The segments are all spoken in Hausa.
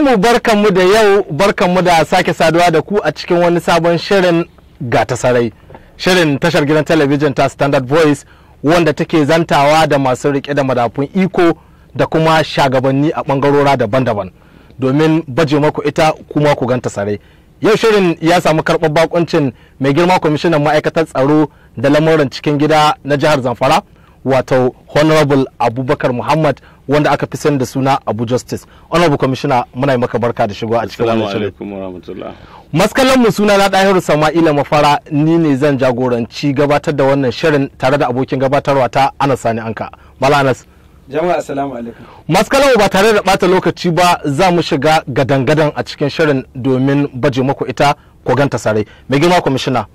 mu barkanmu da yau mu da sake saduwa da ku a cikin wani sabon shirin ga ta sarai shirin tashar gidan talabijin ta standard voice wanda take zantawa da masu rike da madafun iko da kuma shagabanni a bangarora daban-daban domin baje maku ita kuma ku ganta sarai yau shirin ya samu karɓar bakuncin mai girma kwamishinan ma'aikatar tsaro da lamuran cikin gida na jihar zamfara wato honorable abubakar muhammad wanda aka fi sani da suna Abu Justice. Honorable Commissioner muna yi maka barka da shigo a cikin wannan shirin. Assalamu Maskalan mu suna na Dahiru Sama'ila Mafara ni ne zan jagoranci gabatar da wannan shirin tare da abokin gabatarwa ta Anas Sani Anka. Mala Anas. Jama'a assalamu alaikum. Maskalan ba tare da bata lokaci ba za mu shiga gadan-gadan a cikin shirin domin baje muku ita ko ganta sarai. Mai girma kwamishina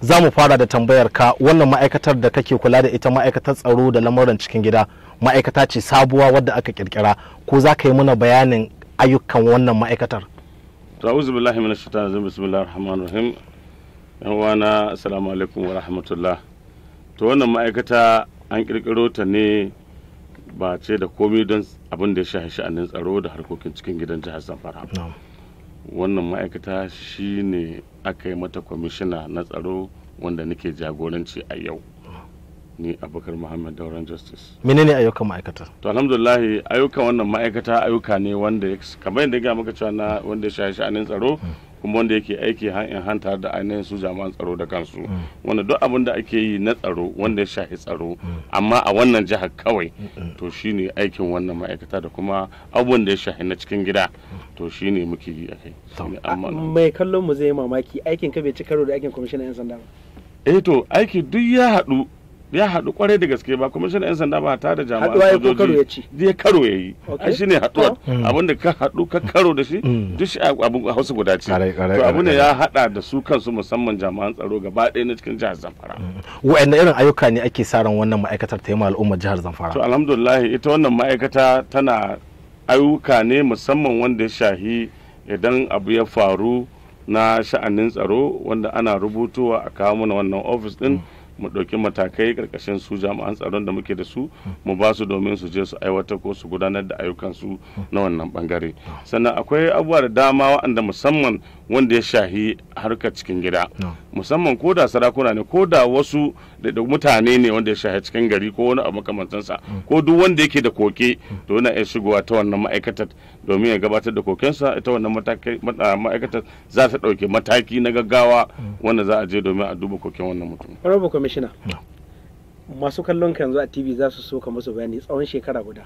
za mu fara da tambayar ka wannan ma'aikatar da kake kula da ita ma'aikatar tsaro da lamuran cikin gida ma'aikata ce sabuwa wadda aka kirkira ko za ka yi mana bayanin ayyukan wannan ma'aikatar ta'uzu billahi min shaitan azim bismillahir rahmanir rahim yan uwana assalamu alaikum wa rahmatullah to wannan ma'aikata an kirkiro ta ne ba ce da komi don abin da ya shafi sha'anin tsaro da harkokin cikin gidan jihar zamfara wannan ma'aikata shi ne aka yi mata kwamishina na tsaro wanda nake jagoranci a yau ni abubakar muhammad dauran justice menene ayyukan ma'aikata. to alhamdulillahi ayyukan wannan ma'aikata ayyuka ne wanda kamar yadda ga maka cewa na wanda ya shahi sha'anin tsaro hmm. kuma wanda yake aiki in hanta da ainihin su jami'an tsaro da kansu hmm. wanda duk abin da ake yi na tsaro wanda ya shahi tsaro hmm. amma a wannan jihar kawai to shine aikin wannan ma'aikata da kuma abubuwan da ya shahi na cikin gida to shine muke yi a kai mai kallon mu zai mamaki aikin ka bai ci karo da aikin kwamishinan yan sanda ba eh to aiki duk ya haɗu ya haɗu kwarai da gaske ba kwamishinan 'yan sanda ba ta da jama'a sojoji ya karo ya yi ai shine haɗuwa mm. abin da ka haɗu ka karo da shi mm. duk shi abin hausa guda ce to abin ne ya haɗa da su kansu musamman jama'an tsaro gaba ɗaya na cikin jihar zamfara mm. wa'anda irin ayyuka ne ake sa ran wannan ma'aikatar ta yi ma al'ummar jihar zamfara to alhamdulillah ita wannan ma'aikata tana ayyuka ne musamman wanda ya shahi idan abu ya faru na sha'anin tsaro wanda ana rubutuwa a kawo mana wannan ofis din mm. mu ɗauki matakai ƙarƙashin su jami'an tsaron da muke da su mu ba su domin su je su aiwatar ko su gudanar da ayyukan su na wannan bangare sannan akwai abubuwa da dama waɗanda musamman wanda ya shahi harkar cikin gida musamman ko da sarakuna ne ko da wasu da mutane ne wanda ya shahe cikin gari ko wani abu makamantansa ko duk wanda yake da koke to yana iya shigowa ta wannan ma'aikatar domin ya gabatar da kokensa ita wannan ma'aikatar za ta dauke mataki na gaggawa wanda za a je domin a duba koken wannan mutum. Rabu kwamishina masu kallon kanzu yanzu a TV za su so ka musu bayani tsawon shekara guda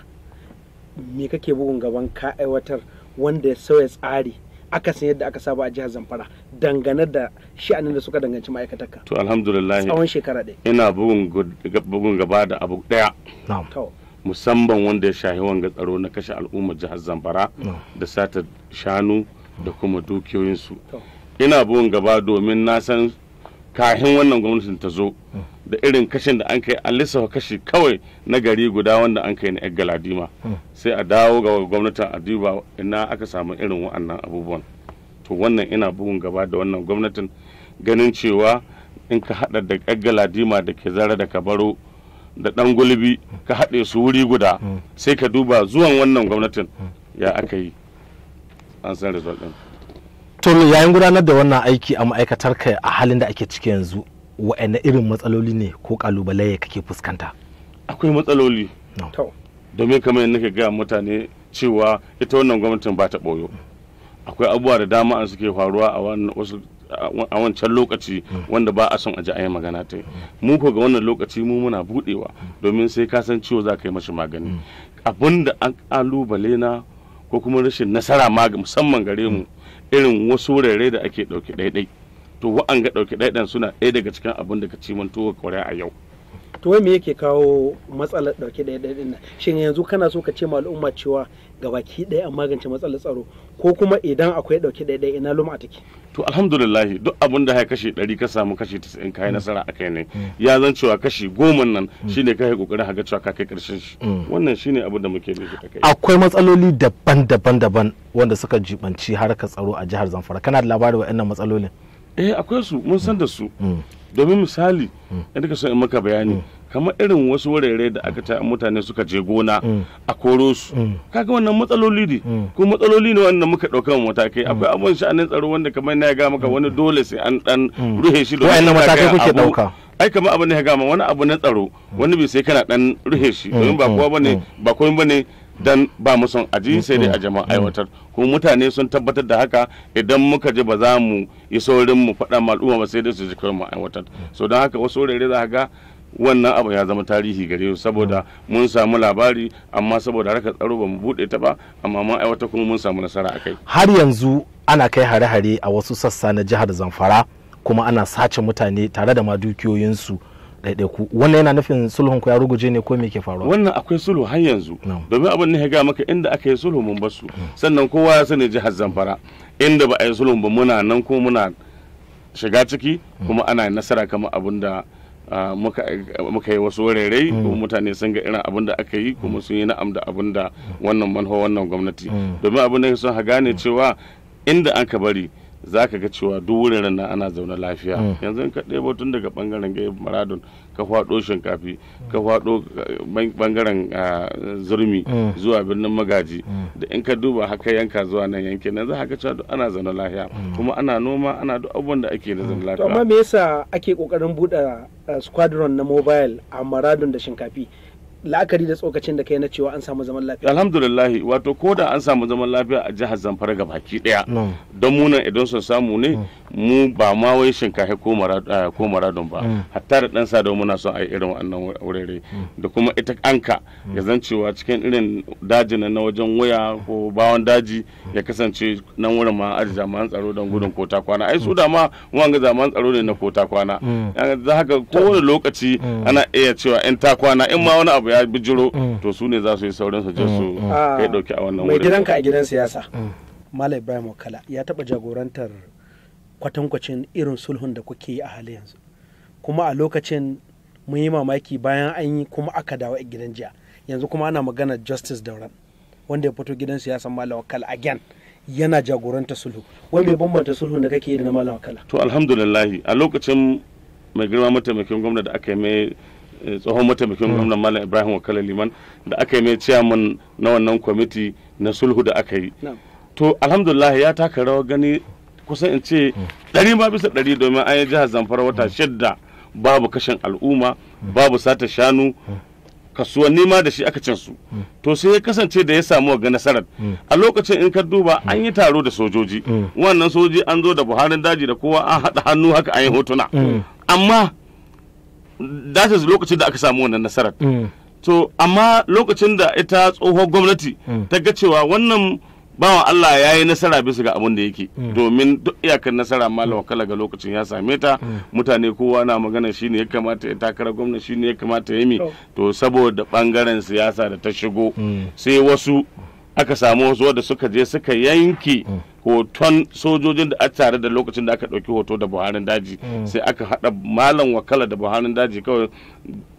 me kake bugun gaban ka aiwatar wanda ya sauya tsari aka san yadda aka saba a jihar zamfara dangane da sha'anin da suka danganci ma'aikatarka to alhamdulillah tsawon shekara ɗaya ina bugun gaba da abu ɗaya musamman wanda ya shahi wanga tsaro na kashe al'umma jihar zamfara da sata shanu da kuma dukiyoyinsu ina bugun gaba domin na san kahin wannan gwamnatin ta zo da irin kashin da an kai an lissafa kashi kawai na gari guda wanda an kai na yan galadima sai a dawo ga gwamnatin a duba ina aka samu irin wa'annan abubuwan to wannan ina bugun gaba da wannan gwamnatin ganin cewa in ka hada da yan galadima da ke zara da kabaro da dan gulbi ka haɗe su wuri guda sai ka duba zuwan wannan gwamnatin ya aka yi an san result din. to yayin gudanar da wannan aiki a ma'aikatar ka a halin da ake ciki yanzu wa'anne irin matsaloli ne ko kalubale kake fuskanta akwai matsaloli domin kamar yadda nake gaya mutane cewa ita wannan gwamnatin ba ta boyo akwai abubuwa da dama an suke faruwa a wancan lokaci mm. wanda ba a son a ji a yi magana ta mu ko ga wannan lokaci mu muna budewa mm. domin sai ka san ciwo za ka yi mashi magani mm. abinda an kalubale na ko kuma rashin nasara ma musamman gare mu irin wasu wurare da ake ɗauki ɗaiɗai to wa'anga ɗauki ɗaiɗan suna ɗaya daga cikin abin da ka cimantowa kwarai a yau to wai me yake kawo matsalar dauke da ɗaya ɗin shin yanzu kana so ka ce ma al'umma cewa gabaki ɗaya an magance matsalar tsaro ko kuma idan akwai dauke da ɗaya ina luma take to alhamdulillah duk abin da ya kashe 100 ka samu kashe 90 kai mm. nasara a kai ne mm. ya zan cewa kashe 10 nan mm. shine kai kokarin haga cewa ka kai karshen shi wannan shine abin da muke nufi kai akwai matsaloli daban-daban daban wanda suka jibanci harkar tsaro a jihar Zamfara kana da labarin waɗannan matsalolin eh akwai su mun san da su domin misali idan ka so in maka bayani kamar irin wasu wurare da aka ta mutane suka je gona mm. a koro su mm. kaga wannan matsaloli ne mm. ko matsaloli ne wanda muka dauka matakai akwai abun sha'anin tsaro wanda kamar na ya ga maka wani dole sai an dan ruhe shi da wannan matakai kuke ɗauka ai kamar abin da ya gama wani abu na tsaro wani bai sai kana dan ruhe shi domin ba kowa bane ba komai bane dan ba mu son aji sai dai a jama'a aiwatar kuma mutane sun tabbatar da haka idan muka ji ba za mu yi saurin mu faɗa ma al'umma ba sai dai su ji mu aiwatar so don haka wasu wurare za ga wannan abu ya zama tarihi gare su saboda mun samu labari amma saboda harkar tsaro ba mu bude ta ba amma mun aiwata kuma mun samu nasara akai har yanzu ana kai hare-hare a wasu sassa na jihar Zamfara kuma ana sace mutane tare da ma dukiyoyinsu ɗaiɗaiku wannan yana nufin sulhun ku ya ruguje ne ko me ke faruwa wannan akwai sulhu har yanzu domin abin ne ya ga maka inda aka yi sulhu mun basu hmm. sannan kowa ya sani jihar Zamfara inda ba a yi sulhun ba muna nan ko muna shiga ciki hmm. kuma ana nasara kamar abin da muka yi wasu wurare mm. ko mutane sun ga irin abin da aka yi kuma mm. sun yi na'am da abin da wannan manho wannan gwamnati mm. domin abin da sun ha gane cewa inda an ka bari za ka ga cewa duk wuraren nan ana zaune lafiya mm. yanzu ka ɗebo tun daga ɓangaren gai maradon ka faɗo shinkafi ka faɗo uh, ɓangaren uh, zurmi mm. zuwa birnin magaji mm. da in ka duba haka yanka zuwa nan yankin nan za ka cewa duk ana zaune lafiya kuma ana noma ana duk abubuwan da ake da zaune lafiya amma me yasa ake kokarin buɗe uh, squadron na mobile a maradon da shinkafi la'akari da tsokacin da kai na cewa an samu zaman lafiya alhamdulillah wato ko da an samu zaman lafiya a jihar zamfara ga baki daya don munan idan sun samu ne mu ba ma wai shinkafa ko eh, maradon ba hatta da dan sadau muna son a yi irin wannan wurare da kuma ita anka ya zan cewa cikin irin daji na wajen waya ko bawan daji ya kasance nan wurin ma aji jami'an tsaro don gudun kota kwana ai su da ma ga jami'an tsaro ne na kota kwana za haka kowane lokaci ana iya cewa yan ta kwana in ma wani abu ya bijiro mm. to su ne za su yi sauran su mm, su mm. kai dauki ah, a wannan wurin mai gidanka a gidan siyasa malam ibrahim ya taba jagorantar kwatankwacin irin sulhun da kuke yi a halin yanzu kuma a lokacin mun yi mamaki bayan an yi kuma aka dawo a gidan jiya yanzu kuma ana magana justice dauran wanda ya fito gidan siyasa malam wakala again yana jagoranta sulhu wai mai bambanta sulhun da kake yi da na malam wakala to alhamdulillah a lokacin mai girma mataimakin gwamna da aka yi mai tsohon mataimakin hmm. gwamnan malam ibrahim wakala liman da aka yi mai ciyaman na wannan kwamiti na sulhu da aka yi to alhamdulillah ya taka rawa gani kusan in ce hmm. ɗari ma bisa ɗari domin an yi jihar zamfara wata hmm. shidda babu kashin al'umma babu sata shanu kasuwanni ma da shi aka cin su to sai ya kasance da ya samu ga nasarar a lokacin in ka duba an yi taro da sojoji wannan sojoji an zo da buharin daji da kowa an haɗa hannu haka an yi hotuna amma that is lokacin da aka samu wannan nasarar to mm. amma lokacin da ita tsohon gwamnati mm. ta ga cewa wannan bawan Allah ya yi nasara bisa ga abin da yake mm. domin duk iyakar nasara malam wakala ga lokacin ya same ta mutane kowa na magana shi ne ya kamata ya takara gwamna ne ya kamata ya mi to saboda bangaren siyasa da ta shigo sai wasu aka samu wasu wadda suka je suka yanke hoton sojojin da a tare da lokacin da aka ɗauki hoto da buharin daji mm. sai aka haɗa malam wakala da buharin daji kawai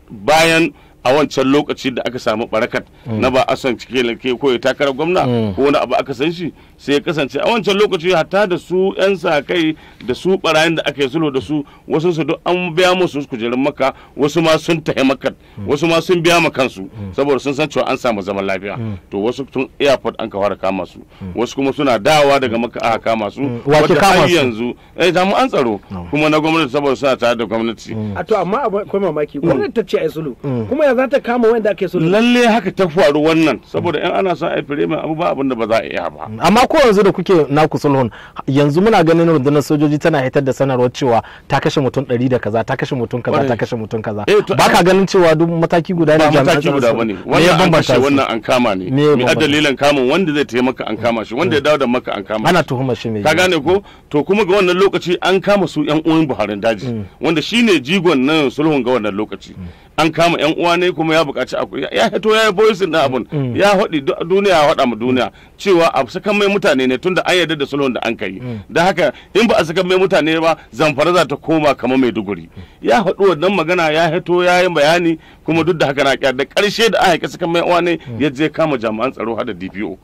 bayan a wancan lokaci da aka samu barakat mm. na ba a san cike lake ko ya takarar gwamna mm. ko wani abu aka san shi sai ya kasance a wancan lokaci hatta da su yan sa kai da su barayin da aka yi sulo da su wasu su duk an biya musu kujerun maka wasu ma sun tahi maka mm. wasu ma sun biya ma kansu saboda sun san cewa an samu zaman lafiya to wasu tun airport an ka fara kama su wasu kuma suna dawa daga maka aka kama su wace kama su yanzu eh an tsaro oh. kuma na gwamnati saboda suna tare da gwamnati a to amma akwai mamaki gwamnati ta ce ai sulo kuma za ta kama wanda ake so lalle haka ta faru wannan saboda in ana son a fire mai abu ba abin da ba za a iya ba amma ko yanzu da kuke na sulhun yanzu muna ganin rundunar sojoji tana hitar da sanarwar cewa ta kashe mutum ɗari da kaza ta kashe mutum kaza ta kashe mutum kaza eh, ba ka ganin cewa duk mataki guda ne jami'an mataki guda bane wannan an kashe wannan an kama ne me a dalilan kamun wanda zai taimaka an kama shi wanda ya dawo da maka an kama ana tuhuma shi ne ka gane ko to kuma ga wannan lokaci an kama su yan uwan Buharin daji mm. wanda shine jigon nan sulhun ga wannan lokaci an kama yan uwa ne kuma ya buƙaci a ya hito ya yi na abun mm. ya haɗi duniya ya haɗa mu duniya cewa a saka mai mutane ne tunda an yarda da sulhun da an kai mm. da haka in ba a saka mai mutane ba zamfara za ta koma kamar duguri ya haɗu wannan magana ya hito ya yi bayani kuma duk da haka na da karshe da aka haƙi saka mai uwa ne mm. ya je kama jami'an tsaro har da DPO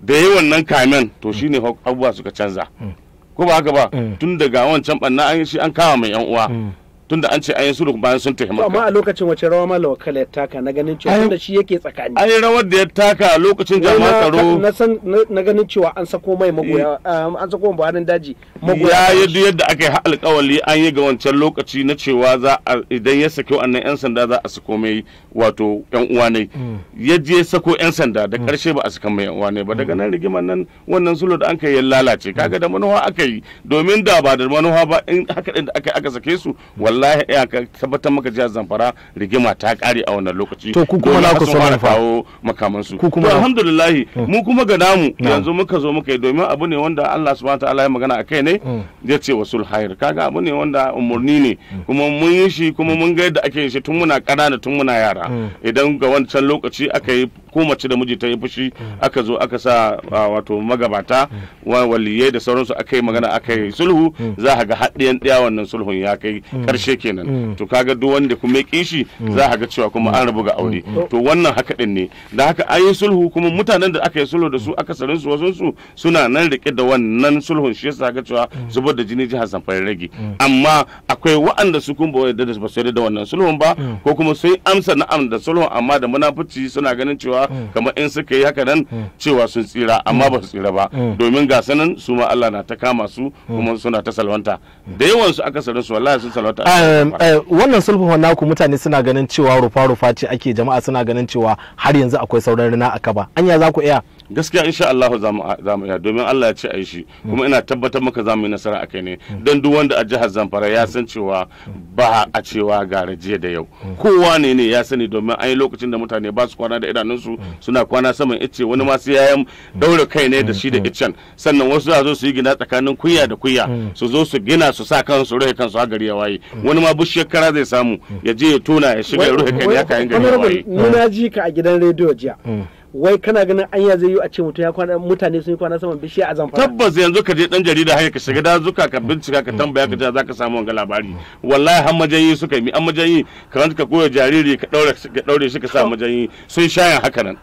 da yi wannan kamen to shine abubuwa suka canza ko ba haka ba tun daga wancan ɓanna an shi an kama mai yan uwa tunda an ce ayin sulhu bayan sun tafi amma a lokacin wace rawa ma lawakala ya taka na ganin cewa tunda shi yake tsakani ai rawar da ya taka a lokacin jama'a tsaro na san na ganin cewa an sako mai magoya eh. um, an sako buharin daji magoya ya yi yadda aka yi alƙawali an yi ga wancan lokaci na cewa za a idan ya saki wannan yan sanda za a sako mai wato yan uwa ne mm. ya je sako yan sanda da karshe mm. ba a saka mai yan uwa ne ba daga mm. nan rigimar nan wannan sulhu da an kai ya lalace kaga da manuwa aka yi domin da ba da manuwa ba in haka din da aka aka sake su wallahi wallahi ya ka tabbatar maka jihar zamfara rigima ta kare a wannan lokaci to ku kuma na ku sanar kawo makaman su to alhamdulillah mm. mu kuma ga namu yanzu muka zo muka yi domin abu ne wanda Allah subhanahu wataala ya magana akai ne mm. ya ce wasul hayr kaga abu ne wanda umurni ne mm. kuma mun yi shi kuma mun ga yadda ake yin shi tun muna ƙanana tun muna yara idan ga wancan lokaci aka yi ko mace da miji ta yi fushi mm. aka zo aka sa ah, wato magabata mm. waliyai da sauransu aka yi magana aka yi sulhu mm. za ka ga haɗiyan ɗaya wannan sulhun ya kai karshe kenan to kaga duk wanda kuma ya kishi za ka ga cewa kuma an rabu ga aure to wannan haka din ne da haka an yi sulhu kuma mutanen da aka yi sulhu da su akasarin su wasu suna nan rike da wannan sulhun shi yasa ga cewa zubar da jini jihar Zamfara rage amma akwai waɗanda su kun ba yarda da ba su yarda da wannan sulhun ba ko kuma sai amsa na'am da sulhun amma da munafurci suna ganin cewa cewa mm. kamar in suka yi haka nan mm. cewa sun tsira amma mm. ba su tsira ba domin ga sanin su ma Allah na ta kama su kuma suna ta salwanta da yawan su aka sarar su wallahi sun salwanta um, um, wannan sulhu naku mutane suna ganin cewa rufa rufa ce ake jama'a suna ganin cewa har yanzu akwai sauran rina a kaba anya za ku iya gaskiya insha Allah za mu iya domin Allah ya ce ai shi kuma ina tabbatar maka za mu yi nasara akai ne don duk wanda a jihar Zamfara ya san cewa ba a cewa gara jiya da yau kowa ne ne ya sani domin an yi lokacin da mutane ba su kwana da idanunsu suna kwana saman icce wani ma sai yayan daure kai ne da shi da iccen sannan wasu za zo su yi gina tsakanin kuya da kuya su zo su gina su sa kansu rufe kansu har gari ya waye wani ma bishiyar kara zai samu ya je ya tona ya shiga rufe kai ne ya kayan gari ya waye. Muna ji ka a gidan rediyo jiya. Hmm. wai kana ganin anya zai yi a ce mutum ya kwana mutane sun yi kwana saman bishiya a zamfara tabbas yanzu ka je dan jarida haka ka shiga dazuka ka bincika ka tambaya ka za ka samu wanga labari wallahi har majanyi suka yi an majanyi ka ka koya jariri ka daure ka daure shi ka sa majanyi sun shaya haka nan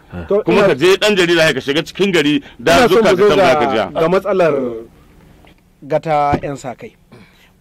kuma ka je dan jarida haka ka shiga cikin gari dazuka ka tambaya ka ja ga matsalar gata yan sa kai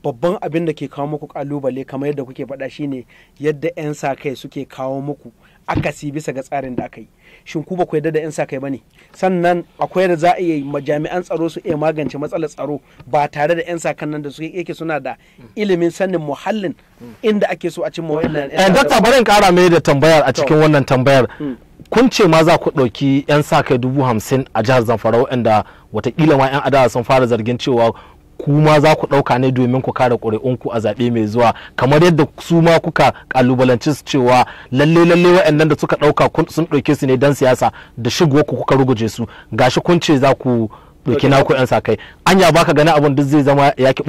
babban abin da ke kawo muku kalubale kamar yadda kuke faɗa shine yadda 'yan sa kai suke kawo muku akasi bisa ga tsarin da aka yi shin ku ba ku yarda da yan sa kai bane sannan akwai da za a yi majami'an tsaro su iya magance matsalar tsaro ba tare da yan sa kan nan da su yake suna da ilimin sanin muhallin inda ake so a cimma wannan eh dakta bari in kara mai da tambayar a cikin wannan tambayar hmm. kun ce ma za ku ɗauki 'yan sa kai dubu hamsin a jihar zamfara waɗanda watakila ma 'yan adawa sun fara zargin cewa kuma za ku ɗauka ne domin ku kare ƙuri'unku a zaɓe mai zuwa kamar yadda su ma kuka ƙalubalanci su cewa lalle lalle waɗannan da suka ɗauka sun ɗauke su ne don siyasa da shigowar ku kuka ruguje su gashi kun ce za ku ɗauki naku 'yan sa kai anya baka gani abin duk zai zama ya ki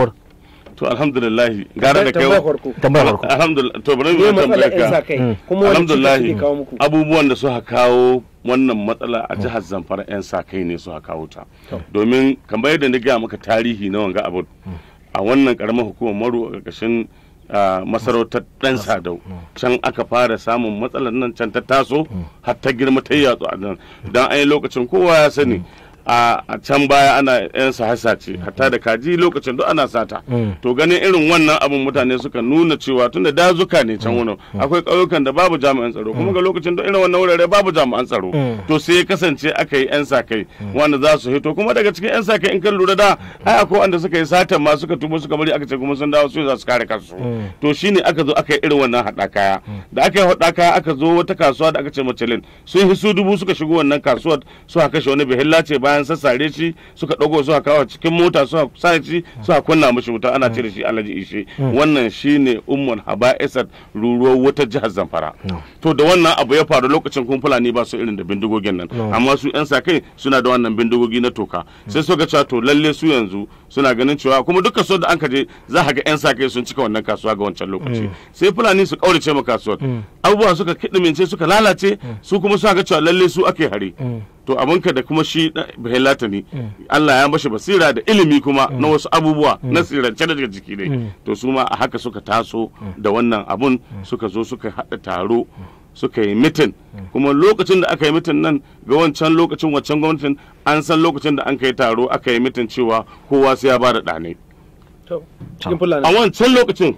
to alhamdulillah gara da kai farko alhamdulillah to bari mu mm. alhamdulillah abubuwan da suka kawo wannan matsala a oh. jihar zamfara 'yan sa kai ne su kawo ta oh. domin kamar yadda na gaya maka tarihi na wanga abu hmm. a wannan karamar hukumar maru a ƙarƙashin masarautar ɗan sadau hmm. can aka fara samun matsalar nan can ta taso hmm. har ta girma ta yi yatsu a nan don an yi lokacin kowa ya sani a can baya ana yan ce hatta da kaji lokacin duk ana sata mm. to ganin irin wannan abin mutane suka nuna cewa tunda dazuka ne can mm. wani mm. akwai ƙauyukan da babu jami'an tsaro kuma ga lokacin duk irin wannan wurare babu jami'an tsaro to sai ya kasance aka yi yan kai wanda za su hito kuma daga cikin yan kai in kan lura da ai akwai wanda suka yi satan ma suka tubo suka bari aka ce kuma sun dawo su za su kare kansu to shine aka zo aka yi irin wannan kaya da aka yi hada kaya aka zo wata kasuwa da aka ce macalin sun hisu dubu suka shigo wannan kasuwar su haka shi wani bihilla ce bayan an sassare shi suka ɗago suka kawo cikin mota suka sa shi suka kunna mishi wuta ana cire shi alaji ishe hmm. wannan shine ummul haba'isat ruruwar wata jihar Zamfara hmm. to da wannan abu ya faru lokacin kun fulani ba su irin da bindigogin nan hmm. amma su yan sa kai suna da wannan bindigogi na toka sai suka cewa to lalle su yanzu suna ganin cewa kuma duka so da an kaje za ka ga yan sa kai sun cika wannan kasuwa ga wancan lokaci sai fulani su kaurace ma kasuwa abubuwa suka kidimince suka lalace su kuma suka ga cewa lalle su ake hari. to abinka da kuma shi bahilata ne Allah ya mashi basira da ilimi kuma mm. na wasu abubuwa mm. na tsirance daga jiki ne mm. to su ma a haka suka taso da wannan abun suka zo suka haɗa taro suka yi mitin kuma lokacin da aka yi mitin nan ga wancan lokacin wancan gwamnatin an san lokacin da an kai taro aka yi mitin cewa kowa sai ya ba da ɗane a wancan lokacin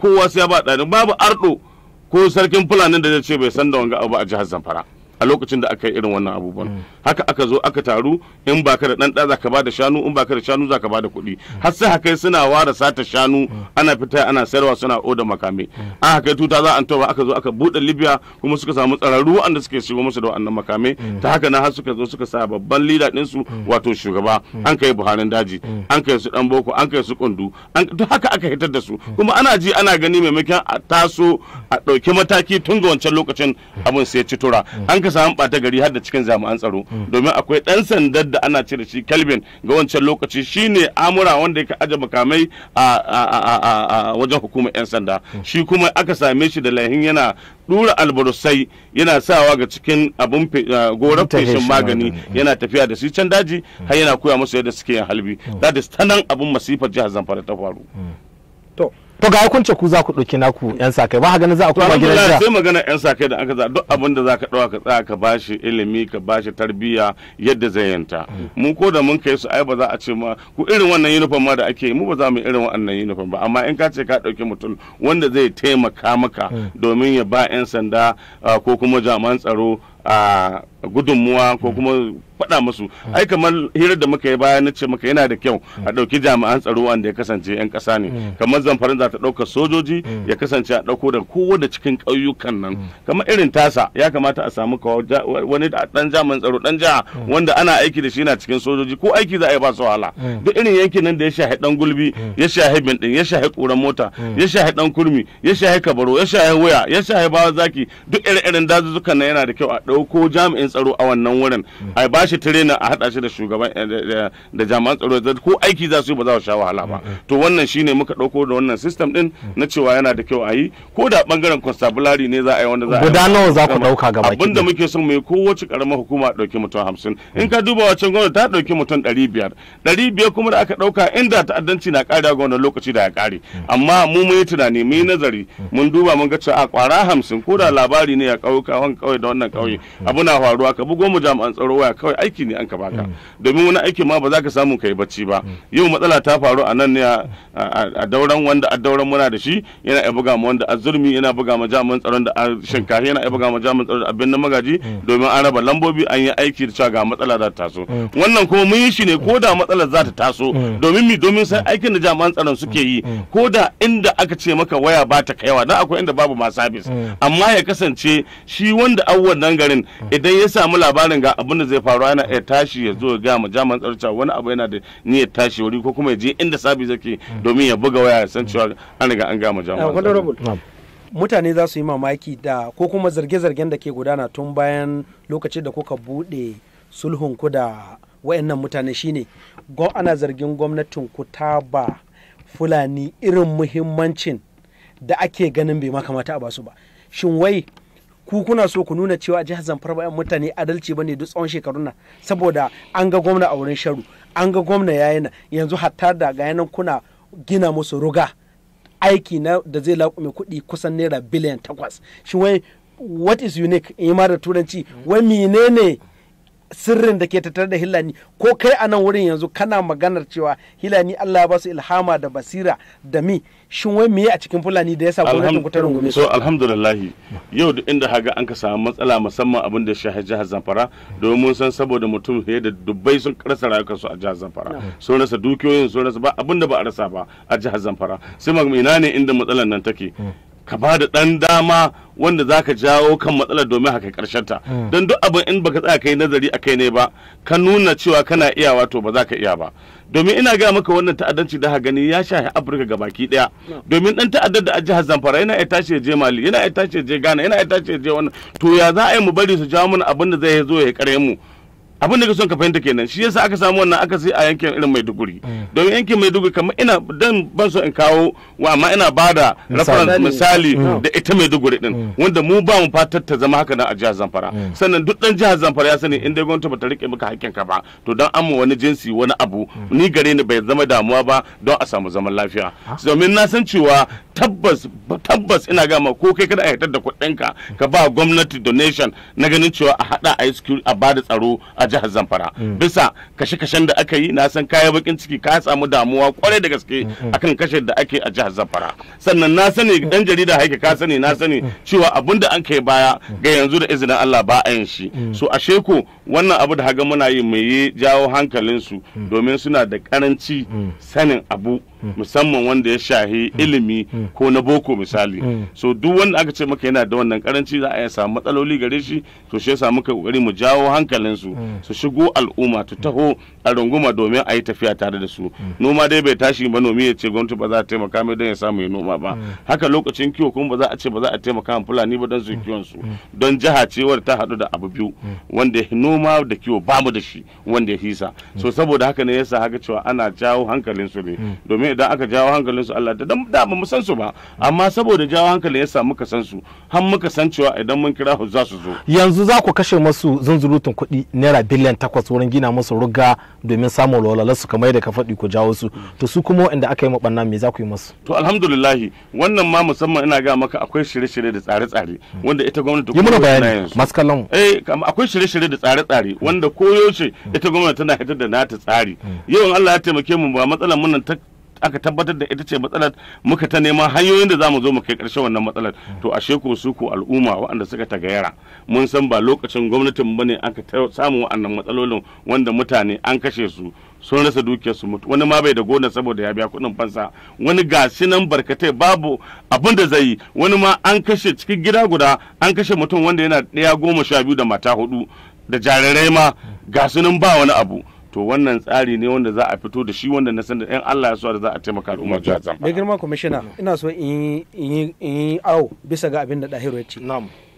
kowa sai ya ba da ɗane babu arɗo ko sarkin fulani da zai ce bai san da wanga abu a jihar zamfara a lokacin da aka yi irin wannan abubuwan mm. haka aka zo aka taru in baka da dan za ka bada shanu in baka da shanu za ka bada kuɗi mm. har sai haka suna ware sata shanu mm. ana fita ana sayarwa suna oda makame an haka tuta za an tawa aka zo aka buɗe libya kuma suka samu tsararru wanda suke shigo musu da wannan makame ta haka na har suka zo suka sa babban lida din su wato shugaba an kai buharin daji an kai su dan boko an kai su kundu to haka aka hitar da su kuma ana ji ana gani maimakon a taso a ɗauki mataki tun ga wancan lokacin abin sai ya ci tura an aka samu ɓata gari har da cikin jami'an tsaro mm. domin akwai ɗan sandar da ana cire da shi kelvin ga wancan lokaci shine amura wanda yake aje makamai a wajen hukumar 'yan sanda mm. shi kuma aka same shi da lahin yana dura albarusai yana sawa ga cikin abun gorar feshin magani mm. yana tafiya da su can daji har yana koya musu yadda suke yin halbi da ta nan abun masifar jihar zamfara ta faru to to ga kun ce ku za ku ɗauki naku yan sa kai ba ga za a koma gidan da sai magana yan sa kai da aka za duk abin da zaka dauka ka tsaya ka bashi ilimi ka bashi tarbiyya yadda zai yanta mm. mu ko da mun kai su ai ba za a ce ma ku irin wannan uniform ma da ake mu ba za mu irin wannan uniform ba amma in ka ce ka ɗauki mutum wanda zai taimaka maka mm. domin ya ba yan sanda ah, ko kuma jami'an tsaro a gudunmuwa ko mm. kuma faɗa musu ai kamar hirar da muka yi baya na ce maka yana da kyau mm. a ɗauki jami'an tsaro wanda ya kasance 'yan ƙasa ne mm. kamar zamfarin za ta ɗauka sojoji ya kasance a ɗauko da kowa da cikin ƙauyukan nan kamar irin tasa ya kamata a samu wani ɗan jami'an tsaro ɗan jiha wanda ana aiki da shi yana cikin sojoji ko aiki za a yi ba su wahala duk irin yankin nan da ya shahi ɗan gulbi ya shahi bindin ya shahi ƙuran mota ya shahi ɗan kurmi ya shahi kabaro ya shahi wuya ya shahi bawa zaki duk irin irin dazuzzukan nan yana da kyau a ɗauko jami'in tsaro a wannan wurin a ba shi tirena a haɗa shi da shugaban eh, da jami'an tsaro da ko aiki za su yi ba za su sha wahala ba mm-hmm. to wannan shine muka ɗauko da wannan system din na cewa yana da kyau a yi ko da bangaren constabulary ne za a yi wanda za a yi guda nawa za ku ɗauka gaba abin da muke son mu yi kowace ƙaramar hukuma ɗauki mutum hamsin in mm. ka duba waccan gwamnati ta ɗauki mutum ɗari biyar ɗari biyar kuma da aka ɗauka inda ta'addanci na kare ga wannan lokaci da ya ƙare mm. amma mu mun yi tunani mun yi mm. nazari mun duba mun ga cewa a ƙwara hamsin ko da labari ne ya ƙauye da wannan ƙauye Mm. abu na faruwa ka bugo mu jami'an tsaro waya kawai aiki ne an ka baka mm. domin wani aiki ma ba za ka samu kai bacci ba mm. yau matsala ta faru a nan ne a dauran wanda a dauran muna da shi yana ya buga mu wanda a yana buga mu jami'an tsaron da shinkafa yana ya buga mu jami'an tsaron da abin na magaji domin an raba lambobi an yi aiki da cewa ga matsala za ta taso wannan kuma mun yi shi ne ko da matsala za ta taso domin mi domin sai aikin da jami'an tsaron suke yi ko da inda aka ce maka waya ba ta kaiwa dan akwai inda babu ma sabis amma ya kasance shi wanda awwan nan gari bangaren idan ya samu labarin ga abin da zai faru ana iya tashi ya zo ga mu jami'an tsaro wani abu yana da niyyar tashi wuri ko kuma ya je inda sabi zake domin ya buga waya san cewa an riga an ga jami'an eh, mutane za su yi mamaki da ko kuma zarge-zargen da ke gudana tun bayan lokacin da kuka bude sulhun ku da wayannan mutane shine ana zargin gwamnatin ku ta ba fulani irin muhimmancin da ake ganin bai makamata a basu ba shin wai ku kuna so ku nuna cewa jihar zamfara ba mutane adalci bane duk tsawon shekarun na saboda an ga gwamna a wurin sharu an ga gwamna yayin nan yanzu hatta da ga yanan kuna gina musu ruga aiki na da zai laƙume kuɗi kusan naira biliyan takwas shi wai what is unique in ma da turanci wai menene sirrin da ke tattare da hilani ko kai a nan wurin yanzu kana maganar cewa hilani Allah ya ba su ilhama da basira da mi shin wai me a cikin fulani da ya sa gwamnatin ku ta rungume so alhamdulillah yau duk inda haga an ka samu matsala musamman abin da shi jihar Zamfara domin san saboda mutum fiye da dubbai sun rasa su a jihar Zamfara sun rasa dukiyoyin sun rasa ba abin da ba a rasa ba a jihar Zamfara sai ina ne inda matsalar nan take hmm. ka ba da ɗan dama wanda za ka jawo kan matsalar domin haka ƙarshen ta hmm. don duk abin in baka tsaya kai nazari a kai ne ba ka nuna cewa kana iya wato ba za ka iya ba domin ina ga maka wannan ta'addanci da ha gani ya shahi afirka ga baki daya domin dan ta'addar da a jihar zamfara yana iya tashi je mali yana iya tashi je ghana yana iya tashi je wannan to ya za a yi mu bari su jawo mana abin da zai zo ya kare mu abin da ka son ka fahimta kenan shi yasa aka samu wannan aka sai a yankin irin maiduguri mm. don yankin maiduguri kamar ina dan ban so in kawo wa amma ina bada reference misali mm. da ita maiduguri din mm. wanda mu ba mu fatar ta zama haka nan a jihar zamfara sannan duk dan jihar zamfara ya sani in dai gwamnati bata rike maka hakkin ka ba to dan amma wani jinsi wani abu ni gare ni bai zama damuwa ba don a samu zaman lafiya ah. domin na san cewa tabbas tabbas ina ma ko kai kada a hitar da kuɗinka ka ka ba gwamnati donation na ganin cewa a hada a yi a bada tsaro a jihar zamfara mm. bisa kashe-kashen da aka yi na san kaya bakin ciki ka samu damuwa kwarai da gaske mm, mm. akan kashe da ake a jihar zamfara sannan na sani dan jarida haike ka sani na sani cewa abun da an kai baya ga yanzu da izinin Allah ba a yin shi so a sheku wannan abu da haga muna yi mai jawo hankalinsu domin suna da karanci sanin abu musamman wanda ya shahi ilimi ko na boko misali so duk wanda aka ce maka yana da wannan karanci za a iya samu matsaloli gare shi to shi yasa muka kokari mu jawo hankalin su su shigo al'umma ta taho a runguma domin a yi tafiya tare da su noma dai bai tashi ba nomi ya ce gwamnati ba za ta taimaka mai don ya samu ya noma ba haka lokacin kiwo kuma ba za a ce ba za a taimaka ma fulani ba don su kiwon su don jiha ce wadda ta haɗu da abu biyu wanda noma da kiwo ba mu da shi wanda ya hisa so saboda haka ne yasa haka cewa ana jawo hankalin su ne domin mutane idan aka jawo hankalin su Allah da da ba mu san su ba amma saboda jawo hankalin yasa muka san su har muka san cewa idan mun kira za su zo yanzu za ku kashe masu zunzurutun kuɗi naira biliyan takwas wurin gina musu ruga domin samun walwalar su kamar yadda ka faɗi ku jawo su to su kuma inda aka yi maɓanna me za ku yi masu to alhamdulillahi wannan ma musamman ina ga maka akwai shirye-shirye da tsare-tsare wanda ita gwamnati yi mana bayani masu eh eh akwai shirye-shirye da tsare-tsare wanda koyo ce mm. ita gwamnati tana hitar da nata tsari mm. yau Allah ya taimake mu ba matsalar mun ta aka tabbatar da ita ce matsalar muka ta neman hanyoyin da za mu zo mu kai ƙarshen wannan matsalar to ashe ko su ko al'umma waɗanda suka tagayara mun san ba lokacin gwamnatin bane aka samu waɗannan matsalolin wanda mutane an kashe su sun rasa dukiyar su mutu wani ma bai da gona saboda ya biya kuɗin fansa wani gasi nan barkatai babu abin da zai yi wani ma an kashe cikin gida guda an kashe mutum wanda yana ɗaya goma sha biyu da mata hudu da jarirai ma nan ba wani abu to wannan tsari ne wanda za a fito da shi wanda na san da yan Allah ya so da za a taimaka al'umma jihar Zamfara. Da girma kwamishina mm. ina so in yi awo bisa ga abin da Dahiru ya ce.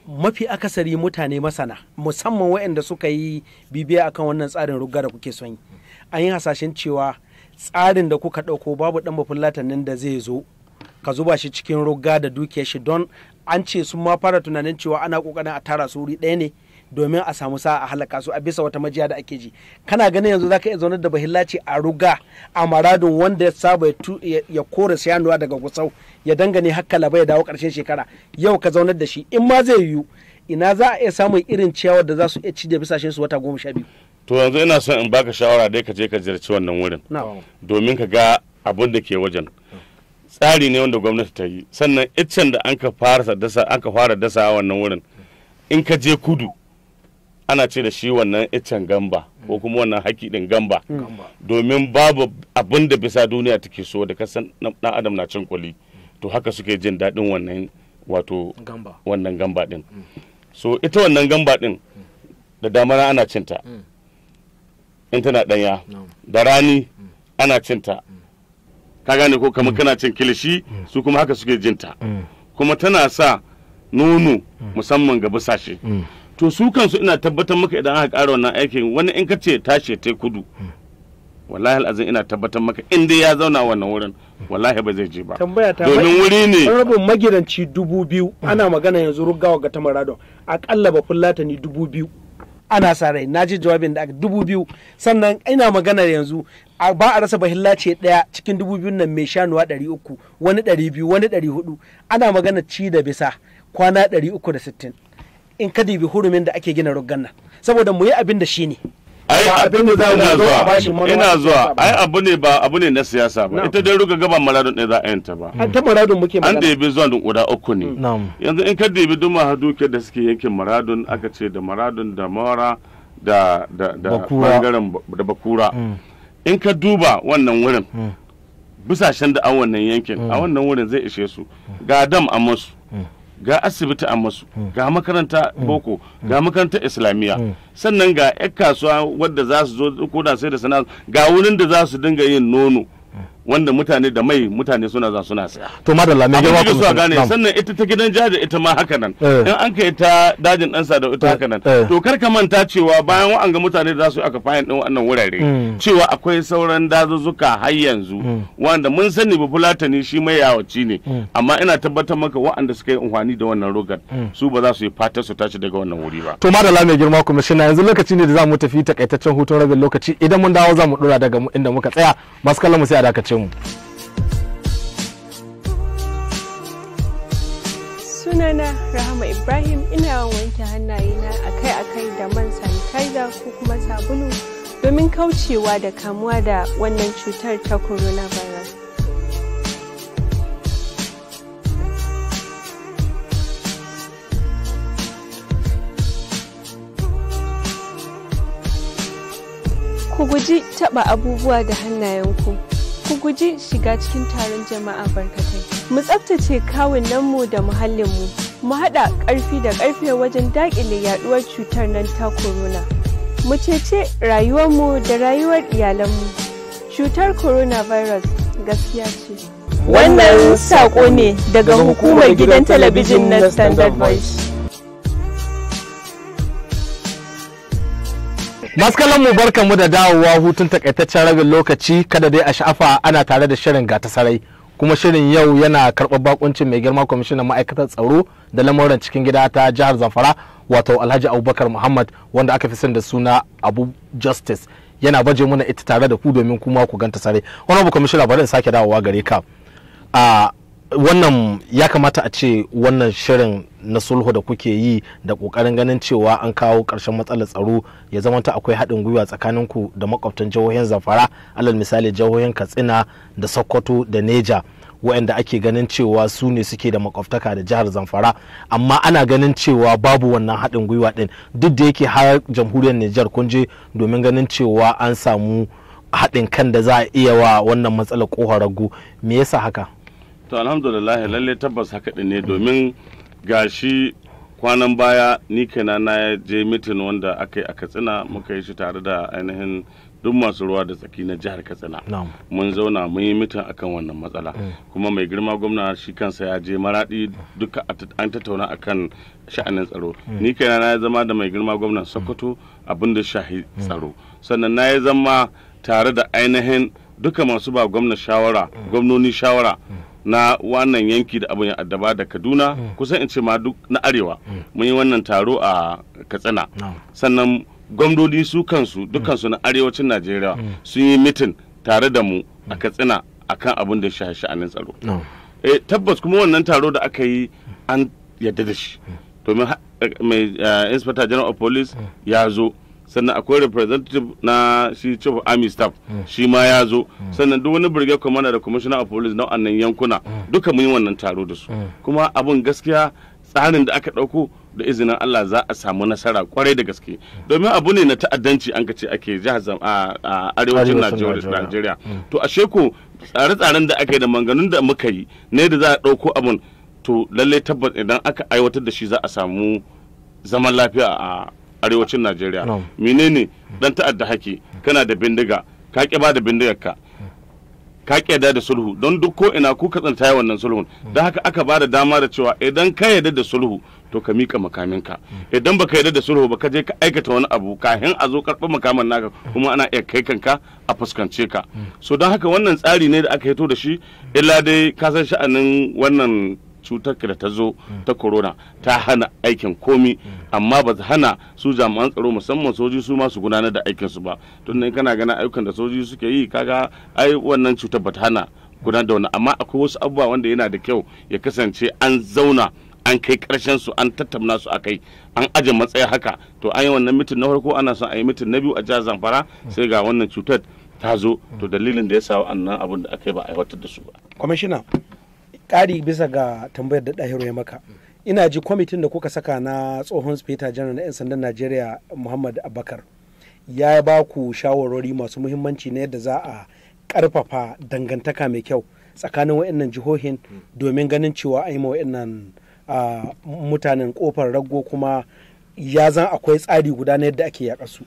Mafi akasari mutane masana musamman waɗanda suka yi bibiya akan wannan tsarin rugga da kuke son yi. An yi hasashen cewa tsarin da kuka ɗauko babu ɗan bafin nan da zai zo ka zuba shi cikin rugga da dukiyar shi don an ce sun ma fara tunanin cewa ana ƙoƙarin a tara su wuri ɗaya ne. domin a samu sa'a a halaka su a bisa wata majiya da ake ji kana ganin yanzu zaka iya zaunar da bahillaci a ruga a maradin wanda ya saba ya kore sayanuwa daga gusau ya dangane hakka laba ya dawo karshen shekara yau ka zaunar da shi in ma zai yiwu ina za a iya samun irin ciyawar da za su iya ci da bisa su wata goma sha biyu to yanzu ina son in baka shawara dai ka je ka ziyarci wannan wurin domin ka ga abin da ke wajen tsari ne wanda gwamnati ta yi sannan iccen da an ka fara dasa wannan wurin in ka je kudu ana ce da shi wannan iccen gamba ko kuma wannan haki ɗin gamba domin babu abin da bisa duniya take so da kasan dan adam na cin kuli to haka suke jin daɗin wannan wato wannan gamba din mm. so ita wannan gamba din mm. da damana ana cinta mm. in tana ɗanya da rani ana cinta ka gane ko kamar kana cin kilishi su kuma haka suke jinta kuma tana sa nono musamman ga busashe to su kansu ina tabbatar maka idan aka ƙara wannan aikin wani in ka ce tashi ta kudu wallahi al'azin ina tabbatar maka in dai ya zauna wannan wurin wallahi ba zai je ba domin wuri ne rabin magidanci dubu biyu ana magana yanzu rugawa ga tamarado akalla ba ni dubu biyu ana sa rai na ji jawabin da dubu biyu sannan ina magana yanzu ba a rasa bahilla ce daya cikin dubu biyun nan mai shanuwa ɗari uku wani ɗari biyu wani ɗari hudu ana magana ci da bisa kwana ɗari uku da sittin in ka bi hurumin da ake gina ruggan nan saboda mu yi abin da shi ne ai abin da za zuwa ina zuwa ai abu ne ba abu ne na siyasa ba ita dai ruga gaban maradun ne za a yanta ba an ta maradun muke magana an yabi zuwa dun uda uku ne yanzu in ka debi duma haduke da suke yankin maradun aka ce da maradun da mora da da da bangaren da bakura mm. in ka duba wannan wurin mm. bisashen da an wannan yankin a mm. wannan wurin zai ishe su ga dam a musu ga asibiti a masu hmm. ga makaranta hmm. boko hmm. ga makaranta islamiyya sannan ga 'yan kasuwa wadda za su zo ko da sai da sana'a ga wurin da za su dinga yin nono wanda mutane da mai mutane suna za suna saya to madalla me yawa kuma suna gane sannan ita ta gidan jaji ita ma haka nan eh. in an kai ta dajin dan da ita eh, haka nan eh. to kar ka manta cewa bayan wa'anga mutane da za su aka fayin din wannan wurare hmm. cewa akwai sauran dazuzzuka har yanzu hmm. wanda mun sani ba fulatani shi mai yawaci ne hmm. amma ina tabbatar maka wa'anda suka yi unhwani da wannan rogar su ba za su yi fata su tashi daga wannan wuri ba to da mai girma kuma shi na yanzu lokaci ne da za mu tafi takaitaccen hutun rabin lokaci idan mun dawo za mu dora daga inda muka tsaya masu kallon mu sai a dakaci bakuncinmu. sunana rahama ibrahim ina wanke hannayena akai-akai da man sanitizer ko kuma sabulu domin kaucewa da kamuwa da wannan cutar ta coronavirus ku guji taɓa abubuwa da hannayenku ku guji shiga cikin taron jama'a barkatai. Mu tsabtace kawunanmu da muhallinmu, mu haɗa ƙarfi da ƙarfe wajen daƙile yaɗuwar cutar nan ta corona. Mu cece rayuwarmu da rayuwar iyalanmu. Cutar coronavirus gaskiya ce. Wannan saƙo ne daga hukumar gidan talabijin na Standard Voice. maskalan mu barka mu da dawowa hutun takaitaccen rabin lokaci kada dai a sha'afa ana tare da shirin gata sarai kuma shirin yau yana karɓar bakuncin mai girma kwamishinan ma'aikatar tsaro da lamuran cikin gida ta jihar zamfara wato alhaji abubakar muhammad wanda aka fi son da suna abu justice yana baje muna ita tare da ku domin kuma ku ganta sarai wani abu kwamishina bari in sake dawowa gare ka ah, wannan ya kamata a ce wannan shirin na sulhu da kuke yi da kokarin ganin cewa an kawo karshen matsalar tsaro ya zama ta akwai haɗin gwiwa tsakaninku da makwabtan jihohin zamfara alal misali jihohin katsina da sokoto da neja waɗanda ake ganin cewa su ne suke da makwabtaka da jihar zamfara amma ana ganin cewa babu wannan haɗin gwiwa ɗin duk da yake har jamhuriyar nijar kun je domin ganin cewa an samu haɗin kan da za a iya wa wannan matsalar ƙohon ragu me yasa haka to alhamdulillah lalle tabbas haka ne domin gashi kwanan baya ni kena na je mitin wanda aka yi a katsina muka yi shi tare da ainihin duk masu ruwa da tsaki na jihar katsina mun zauna mun yi mitin akan wannan matsala mm. kuma mai girma gwamna shi kansa ya je maradi duka an tattauna akan sha'anin tsaro mm. ni kaina na zama da mai girma gwamnan sokoto mm. abin da shahi tsaro sannan na yi zama tare da ainihin duka masu ba gwamna shawara gwamnoni shawara na wannan yanki da abin ya addaba da kaduna mm. kusan in ce ma duk na arewa mm. mun yi wannan taro a katsina sannan gwamnoni su kansu dukansu na arewacin najeriya mm. sun yi mitin tare da mu a katsina akan abin da shi sha'anin tsaro eh, tabbas kuma wannan taro da aka yi an yadda da shi domin eh, mai eh, inspector general of police ya zo sannan akwai representative na shi chief of army staff mm. shi ma ya zo mm. sannan duk wani brigade commander da commissioner of police na wannan yankuna mm. duka mun yi wannan taro da su kuma abin gaskiya tsarin da aka dauko da izinin Allah za a samu nasara kwarai da gaske domin abu ne na ta'addanci an ka ce ake jihar a arewacin Najeriya to ashe ko tsare-tsaren da aka yi da manganun da muka yi ne da za a dauko abun to lalle tabbas idan aka aiwatar da shi za a samu zaman lafiya a arewacin najeriya menene dan ta'adda haki kana da bindiga ka ba da bindigarka ka ƙi da sulhu don duk ko ina ku katsanta ya wannan sulhun da haka aka bada dama da cewa idan ka yarda da sulhu to ka mika makaminka idan baka yarda da sulhu ba ka je ka aikata wani abu ka kafin a zo karɓar makaman naka kuma ana iya kai kanka a fuskance ka so don haka wannan tsari ne da aka hito da shi illa dai ka san sha'anin wannan cutar da ta zo mm. ta corona ta hana aikin komi mm. amma ba ta hana su jami'an tsaro musamman soji su masu gudanar da aikinsu ba tun in kana gana ayyukan da soji suke yi kaga ai wannan cutar ba ta hana gudanar da wannan amma akwai wasu abubuwa wanda yana da kyau ya kasance an zauna an kai karshen su an tattauna su akai an aje matsaya haka to an yi wannan mitin na farko ana son a yi mitin na biyu a jihar zamfara mm. sai ga wannan cutar ta zo to dalilin da ya sa wannan abun da aka yi ba a aiwatar da su ba kwamishina ƙari bisa ga tambayar da ɗahiru ya maka ina ji kwamitin da kuka saka na tsohon speta janar na 'yan sandan najeriya muhammad abakar ya ba ku shawarwari masu muhimmanci na yadda za a ƙarfafa dangantaka mai kyau tsakanin wa'annan jihohin domin ganin cewa a yi ma wa'annan mutanen kofar raggo kuma ya zan akwai tsari guda na yadda ake yaƙa su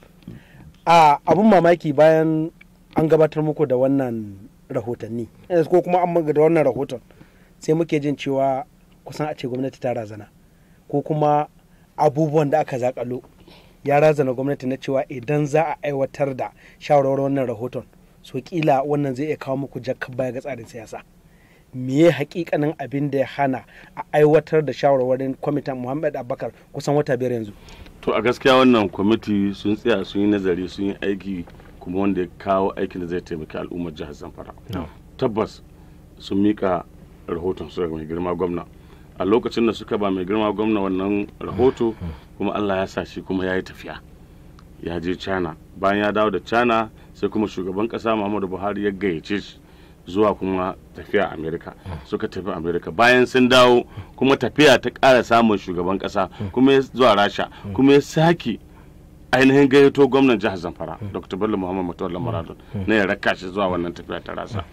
a abin mamaki bayan an gabatar muku da wannan rahotanni eh, ko kuma an da wannan rahoton sai muke jin cewa kusan a ce gwamnati ta razana ko kuma abubuwan da aka zakalo ya razana gwamnati na cewa idan za a aiwatar da shawarwar wannan rahoton so kila wannan zai iya kawo muku jakkan baya ga tsarin siyasa meye hakikanin abin da ya hana a aiwatar da shawarwarin kwamitin muhammad abakar kusan wata biyar yanzu to a gaskiya wannan kwamiti sun tsaya sun yi nazari sun yi aiki kuma wanda ya kawo aikin da zai taimaki al'ummar jihar zamfara tabbas sun mika rahoton suka mai girma gwamna a lokacin da suka ba mai girma gwamna wannan rahoto kuma allah ya sa shi kuma ya yi tafiya ya je china bayan ya dawo da china sai kuma shugaban kasa muhammadu buhari ya gayyace shi zuwa kuma tafiya amerika suka tafi amerika bayan sun dawo kuma tafiya ta kara samun shugaban kasa kuma ya zuwa rasha kuma ya sake ainihin gayyato gwamnan jihar zamfara dr bello muhammadu matuwar lamaradun na ya raka shi zuwa wannan tafiya ta rasha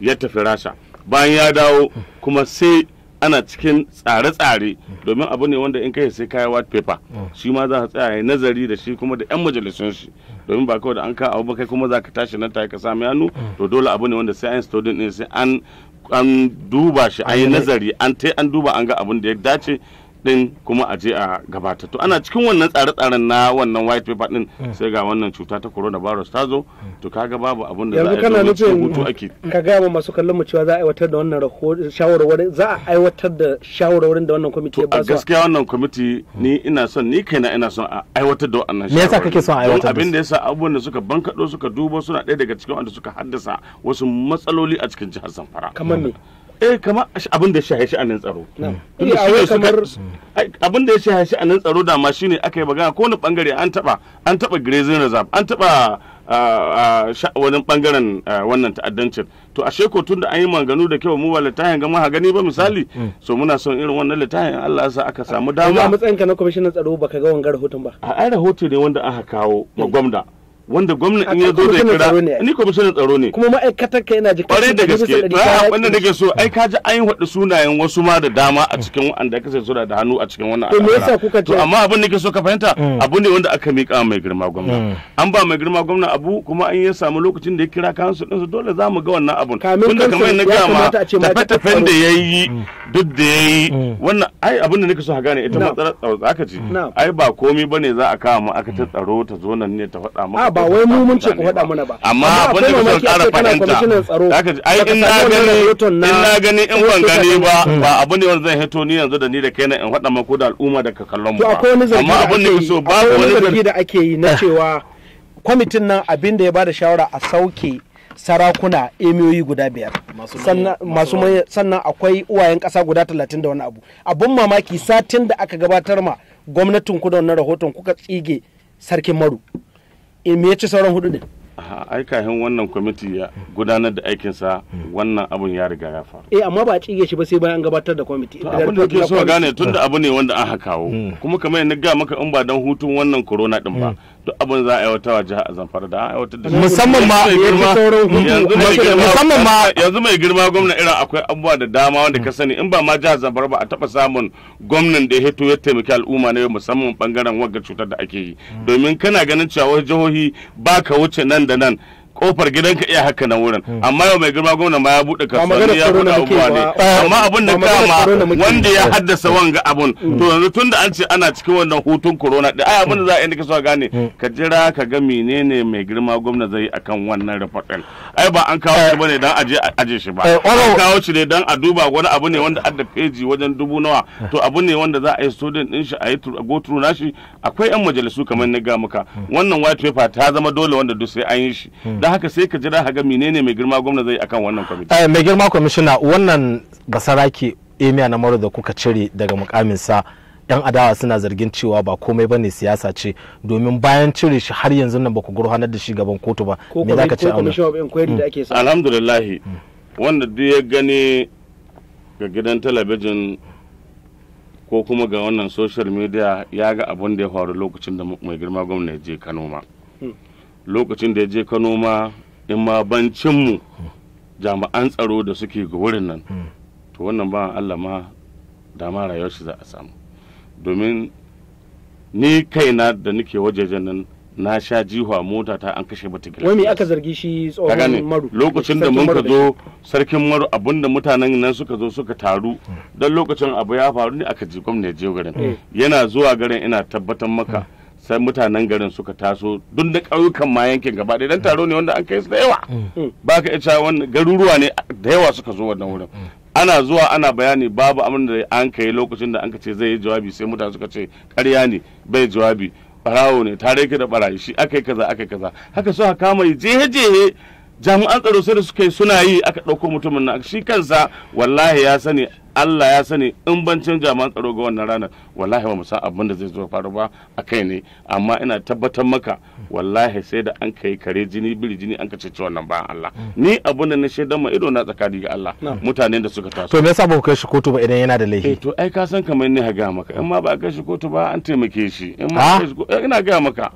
ya tafi rasha bayan ya dawo kuma sai ana cikin tsare-tsare domin abu ne wanda in kai sai kaya white paper shi ma za a tsaya ya nazari da shi kuma da yan majalisun shi domin ba kawai da an ka abu kai kuma za ka tashi nan ta ka sami hannu to dole abu ne wanda sai an student din sai an duba shi an yi nazari an tai an duba an ga abin da ya dace din kuma a je a gabata to ana cikin wannan tsare-tsaren na wannan white paper din mm. sai ga wannan cuta ta coronavirus ta zo mm. to kaga babu abin da za a yi kana nufin ake ka ga ma masu kallon mu cewa za a aiwatar da wannan shawarwari za a aiwatar da shawarwarin da wannan kwamiti ya ba su gaskiya wannan kwamiti ni ina son ni kaina ina son a aiwatar da wannan me yasa kake son a aiwatar abin da yasa abubuwan da suka bankado suka dubo suna ɗaya daga cikin wanda suka haddasa wasu matsaloli a cikin jihar Zamfara kamar me eh kamar abin da ya shahe nan tsaro eh, abin da ya shahe nan tsaro da ma shine aka yi magana ko wani bangare an taba an taba grazing reserve an taba wani bangaren wannan ta'addancin to ashe ko tun da an yi maganu da kyau mu ba littafin gama ha gani ba misali mm. Mm. so muna son irin wannan littafin Allah ya sa aka samu dama a matsayin ka na kwamishinan tsaro baka ga wangar rahoton ba a ai rahoto ne wanda aka kawo ma mm. gwamnati wanda gwamna in ya zo zai kira ni kwamishinan tsaro ne kuma ma'aikatar ka yana jikin kwarai da gaske ah, wanda nake so ai ka ji an haɗu sunayen wasu ma da dama a cikin wanda ka sai suna da hannu a cikin wannan al'amura to amma abin nake so ka fahimta mm. abu ne wanda aka miƙa mai girma gwamna mm. an ba mai girma gwamna abu kuma an ya samu lokacin da ya kira din su dole za mu ga wannan abun tunda kamar na ga ma tafe-tafen da ya mm. duk da yayi wannan ai abin da nake so ka gane ita matsalar tsaro zaka ce ai ba komai bane za a kawo mu aka ta tsaro ta zo nan ne ta faɗa maka ba wai mu mun ce ku faɗa mana ba amma abin da kusan ƙara fahimta ai in na gani in na gani in ban gani ba ba abin da wanda zai hito ni yanzu da ni da kai na in faɗa mako da al'umma da ka kallon mu ba amma abin da kuso ba wani zargi da ake yi na cewa kwamitin nan abin da ya bada shawara a sauke sarakuna emiyoyi guda biyar masu sannan akwai uwayen ƙasa guda talatin da wani abu abun mamaki satin da aka gabatar ma gwamnatin kudon na rahoton kuka tsige sarkin maru Eh, me ya ci sauran hudu din ai kayan wannan kwamiti ya gudanar da aikinsa hmm. wannan abun ya riga ya faru eh amma ba a cige shi ba sai bayan gabatar da kwamiti abin da ke so gane tunda abu ne wanda aka kawo hmm. kuma kamar yadda ga maka in ba dan hutun wannan corona din ba hmm. duk abin za a yi wata wa a zamfara da aiwatar da musamman ma musamman ma yanzu mai girma gwamna irin akwai abubuwa da dama wanda ka sani in ba ma jihar zamfara ba a taba samun gwamnan da ya hito ya taimaki al'umma na yau musamman bangaren wagga cutar da ake yi hmm. domin kana ganin cewa wasu jihohi ba ka wuce nan da nan kofar gidanka iya haka nan wurin hmm. amma yau mai girma gwamna ma ya bude kasuwanni ya bude abubuwa ne amma abun da kama wanda ya haddasa hmm. wanga abun to hmm. yanzu tunda an ce ana cikin wannan hutun corona din ai abin da za a yi kasuwa gane ka jira ka ga menene mai girma gwamna zai yi akan wannan rafaɗin ai ba an kawo shi eh. bane dan aje aje shi ba eh, an kawo shi ne dan a duba wani abu ne wanda adda feji wajen dubu nawa to abu ne wanda za a yi student din shi a yi go through nashi akwai yan majalisu kamar ni ga muka wannan white paper ta zama dole wanda duk sai an yi shi don haka sai ka jira haga menene mai girma gwamna zai akan wannan kwamiti eh, mai girma kwamishina wannan basarake emiya na maro da kuka cire daga mukaminsa yan adawa suna zargin cewa ba komai ba ne siyasa ce domin bayan cire shi har yanzu nan ba ku gurhana da shi gaban kotu ba me za ka ce a mm. alhamdulillah mm. wanda duk ya gani ga gidan talabijin ko kuma ga wannan social media ya ga abin da ya faru lokacin da mai girma gwamna ya je kano ma lokacin da ya je kano ma in ma bancinmu jami'an tsaro da suke ga wurin nan hmm. to wannan ba Allah ma dama rayuwar shi za a samu domin ni kaina da nake wajejen nan na sha jihuwa mota ta an kashe mata gilas wani aka zargi shi tsohon maru lokacin da mun ka zo sarkin maru abinda mutanen nan suka zo suka taru hmm. don lokacin abu ya faru ne aka ji gwamna je garin hmm. yana zuwa garin ina tabbatar maka sai mutanen garin suka taso duk da ƙauyukan ma yankin gaba ɗaya dan taro ne wanda an kai su da yawa mm. ba ka iya wannan garuruwa ne da yawa suka zo wannan wurin mm. ana zuwa ana bayani babu abin da an kai lokacin da an ce zai yi jawabi sai mutane suka ce ƙarya ne bai jawabi barawo ne tare ki da barayi shi akai kaza akai kaza haka suka kama jehe-jehe jami'an tsaro sai da suka yi suna yi aka ɗauko mutumin nan shi kansa wallahi ya sani Allah ya sani in ban canja man tsaro ga wannan ranar wallahi ba mu san abin da zai zo faru ba a kai ne amma ina tabbatar maka wallahi sai da an kai kare jini biri jini an kace ci wannan bayan Allah ni abin da na shaidan ma ido na tsakani ga Allah mutanen da suka taso to me yasa ba ku kai shi kotu ba idan yana da laifi eh to ai ka san kamar ni ha ga maka in ba kai shi kotu ba an taimake shi in ma ah? ina ga maka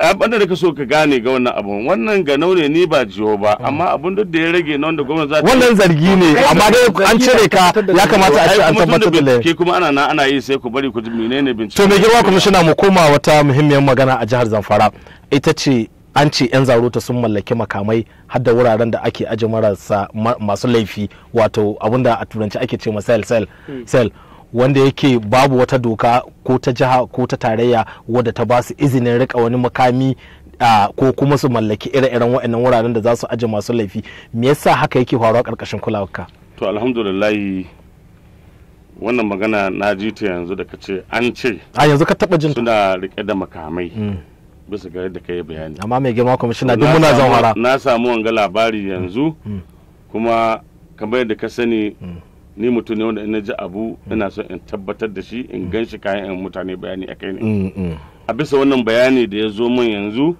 abinda da ka so ka gane ga wannan abun wannan ga naune ni ba jiyo ba amma abun duk da ya rage na wanda gwamnati za ta wannan zargi ne amma dai an cire ka ya kamata a ce an tabbatar da ke kuma ana na ana yi sai ku bari ku ji menene bincike to me girma kwamishina mu koma wata muhimmiyar magana a jihar Zamfara ita ce an ce 'yan zarota sun mallaki makamai har da wuraren da ake aji marasa masu laifi wato abinda a turanci ake ce ma sel sel hmm. sel wanda yake babu wata doka ko ta jiha ko ta tarayya wadda ta ba su izinin rika wani makami ko kuma su mallaki ire-iren waɗannan wuraren da za su aje masu laifi me yasa haka yake faruwa ƙarƙashin kulawarka to alhamdulillah wannan magana na ji ta yanzu da ka ce an ce a yanzu ka taba jin suna rike da makamai mm. bisa ga yadda ka yi bayani amma mai girma kwamishina duk muna zan na samu wanga labari yanzu mm. Mm. kuma kamar yadda ka sani ni mutum ne wanda ina ji abu ina so in tabbatar da shi in gan shi kayan 'yan mutane bayani a kai ne mm, mm. a bisa wannan bayani da ya zo min yanzu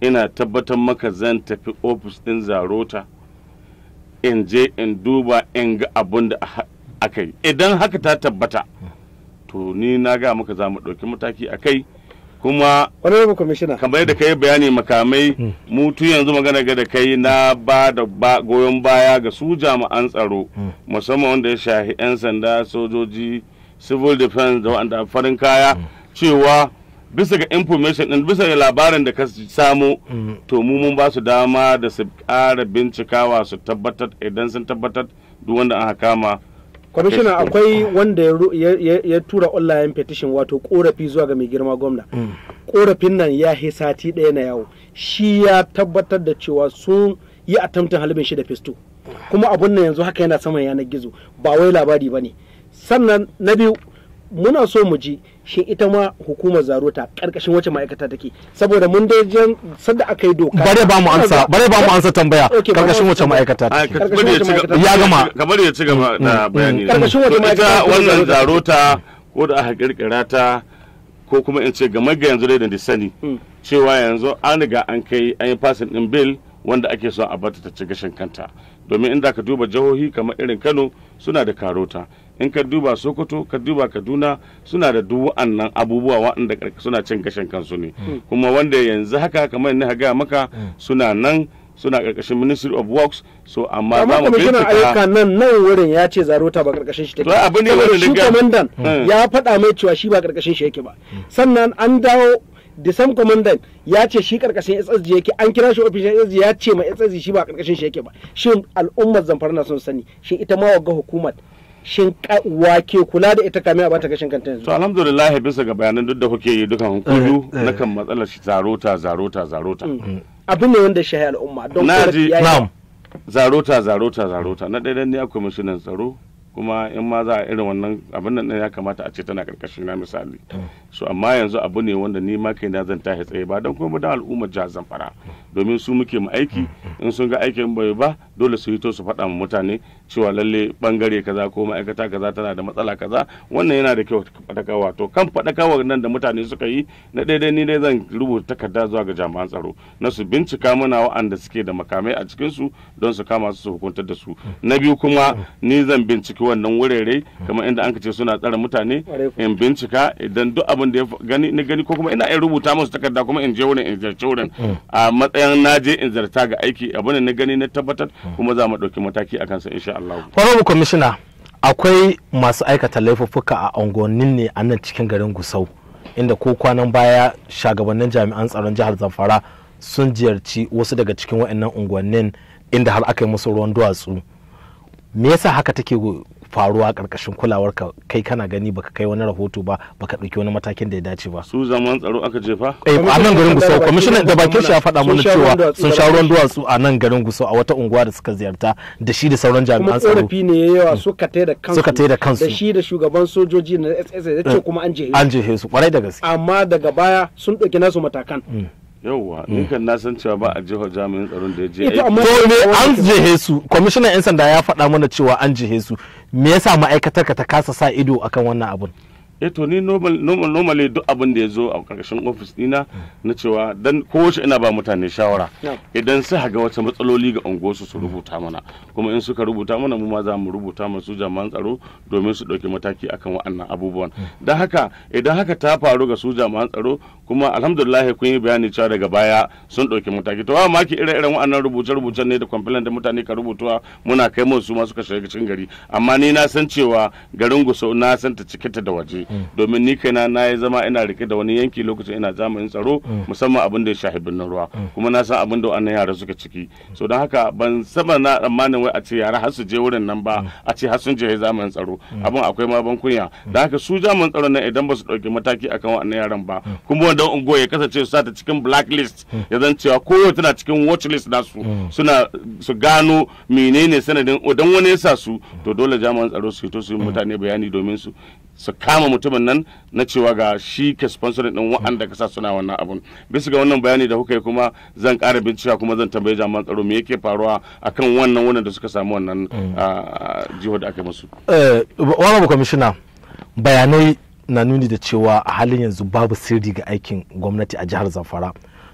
ina tabbatar maka zan tafi ofis din zarota in je in duba in ga abun da aka yi idan haka ta tabbata to ni na ga maka za mu ɗauki mataki a kai kuma honorable commissioner kamar da kai bayani makamai hmm. mutu yanzu magana ga da kai na ba da goyon baya ga su jami'an tsaro hmm. musamman wanda ya shahi 'yan sanda sojoji civil defense da wanda farin kaya hmm. cewa bisa ga information din bisa ga labarin da ka samu to mu mun ba su dama da su ƙara bincikawa su tabbatar idan sun tabbatar duk wanda an kama kwamishina akwai wanda ya tura online petition wato korafi zuwa ga mai girma gwamna mm. korafin nan ya he sati ɗaya na yawo shi ya tabbatar da cewa sun yi a attempting halibin shi da festo kuma abun nan yanzu haka yana saman yanar gizo ba wai labari ba ne sannan na biyu muna so mu ji shi ita ma hukumar zaro ta karkashin wacce ma'aikata take saboda mun dai jan sadda aka yi doka bare ba mu ansa bare ba mu ansa tambaya karkashin wacce ma'aikata take ah, ya gama kamar ya ci gaba mm, da mm, bayani karkashin mm. wacce ma'aikata wannan zaro ta ko da aka kirkira ta ko kuma in ce game ga yanzu dai da sani cewa yanzu an riga an kai an yi fasin din bill wanda ake son a bata ta ci gashin kanta domin inda ka duba jihohi kamar irin kano suna da karota in ka duba sokoto ka duba kaduna suna da duk wa'annan abubuwa waɗanda suna cin gashin kansu ne hmm. kuma wanda yanzu haka kamar na gaya maka hmm. suna nan suna karkashin ministry of works so amma za mu bincika amma ayyuka nan nan wurin ya ce zarota ba karkashin shi take to abin ne wanda shi ya faɗa mai cewa shi ba karkashin shi yake ba hmm. sannan an dawo the same commandant ya ce shi karkashin SSG yake an kira shi ofishin SSG ya ce ma SSG shi ba karkashin shi yake ba shin al'ummar zamfara na son sani shin ita ma wagga hukumar shin wake kula da ita kamin a bata gashin kanta yanzu to alhamdulillah bisa ga bayanan duk da kuke yi dukan hukumu eh, eh. na kan matsalar shi zarota zarota zarota mm. abin ne wanda shahi al'umma don na zarota zarota zarota na daidai ne akwai kwamishinan tsaro kuma in ma za a irin wannan abin nan ya kamata a ce tana karkashin na misali so amma yanzu abu ne wanda ni ma kai na zan tashi tsaye ba don kuma da al'umma zan Zamfara domin su muke mu aiki mm-hmm. in sun ga aikin bai ba dole su yi hito su faɗa mutane cewa lalle bangare kaza ko ma'aikata kaza tana da matsala kaza wannan yana da kyau faɗakawa to kan faɗakawar nan da mutane suka yi na daidai ni dai zan rubuta takarda zuwa ga jami'an tsaro na su bincika mana wa'anda suke da makamai a cikin su don su kama su su hukuntar da su na biyu kuma ni zan binciki wannan wurare kamar inda an ce suna tsara mutane in bincika idan duk abin da ya gani na gani ko kuma ina in rubuta musu takarda kuma in je wurin in zarce wurin a matsayin na je in zarta ga aiki abin da na gani na tabbatar kuma za mu ɗauki mataki a kansa insha Allah. Commissioner, akwai masu aikata laifuffuka a unguwannin ne a nan cikin garin Gusau, inda ko kwanan baya shagabannin jami'an tsaron jihar Zamfara sun ziyarci wasu daga cikin wa'annan unguwannin inda har aka yi musu ruwan duwatsu. Me yasa haka take faruwa karkashin kulawar ka kai kana gani baka kai wani rahoto ba baka dauki wani matakin da ya dace ba su zaman tsaro aka jefa. eh a nan garin Gusau kwamishinan da bakin shi ya faɗa mana cewa sun sha ruwan duwatsu a nan garin Gusau a wata unguwa da suka ziyarta da shi da sauran jami'an tsaro kuma ne yawa mm. suka tai da kansu suka tai da kansu da shi da shugaban sojoji na SS da ce eh, kuma an jehe an su kwarai da gaske amma daga baya sun dauki nasu matakan mm. yauwa ni mm. kan na san cewa ba a jiho jami'in tsaron da ya je eh, aiki ne an jihe su kwamishinan yan sanda ya faɗa mana cewa an jihe su me yasa ma'aikatar ka ta kasa sa ido akan wannan abun eh to ni normal normally duk abin da ya zo a karkashin office dina na cewa dan kowace ina ba mutane shawara idan su haga wata matsaloli ga unguwarsu su rubuta mana kuma in suka rubuta mana mu ma za mu rubuta masu jami'an tsaro domin su ɗauki mataki akan waɗannan abubuwan mm. don haka idan haka ta faru ga su jami'an tsaro kuma alhamdulillah kun yi bayani cewa daga baya sun ɗauki mataki to amma ki ire iren wa'annan rubuce rubucen ne da complaint da mutane ka rubutuwa muna kai mun su ma suka shiga cikin gari amma ni na san cewa garin Gusau na san ta cike ta da waje mm. domin ni kaina na yi zama ina rike da wani yanki lokacin ina zamanin tsaro mm. musamman abin da ya shafi birnin ruwa mm. kuma na san abin da wannan yara suka ciki so don haka ban saba na tsammanin wai a ce yara har su je wurin nan ba a ce har sun je zamanin tsaro abin akwai ma ban kunya don haka su jami'an tsaron nan idan ba su ɗauki mataki akan wa'annan yaran ba kuma dan ungo ya kasance su ta cikin blacklist ya zan cewa kowa tana cikin watchlist na su hmm. suna su gano menene sanadin idan oh, wani ya sa su to dole jami'an tsaro su fito su yi hmm. mutane bayani domin su su kama mutumin nan na cewa ga shi ke sponsor din wa'anda sa suna wannan abun bisa ga wannan bayani da kuka yi kuma zan ƙara bincika kuma zan tambaye jami'an tsaro me yake faruwa akan wannan wannan da suka samu wannan hmm. ah, jihar da aka musu. Eh, wani kwamishina bayanai na nuni da cewa a halin yanzu babu sirri ga aikin gwamnati a jihar zamfara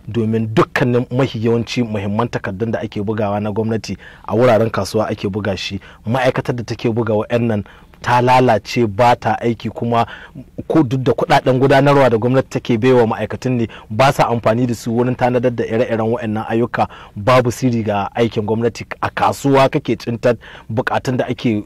domin dukkanin mahi yawanci muhimman takardun da ake bugawa na gwamnati a wuraren kasuwa ake buga shi ma'aikatar da take bugawa yan nan ta lalace ba ta aiki kuma ko duk da kudaden gudanarwa da gwamnati take baiwa ma'aikatan ne ba sa amfani da su wurin tanadar da ire-iren waɗannan ayyuka babu siri ga aikin gwamnati a kasuwa kake cintar bukatun da ake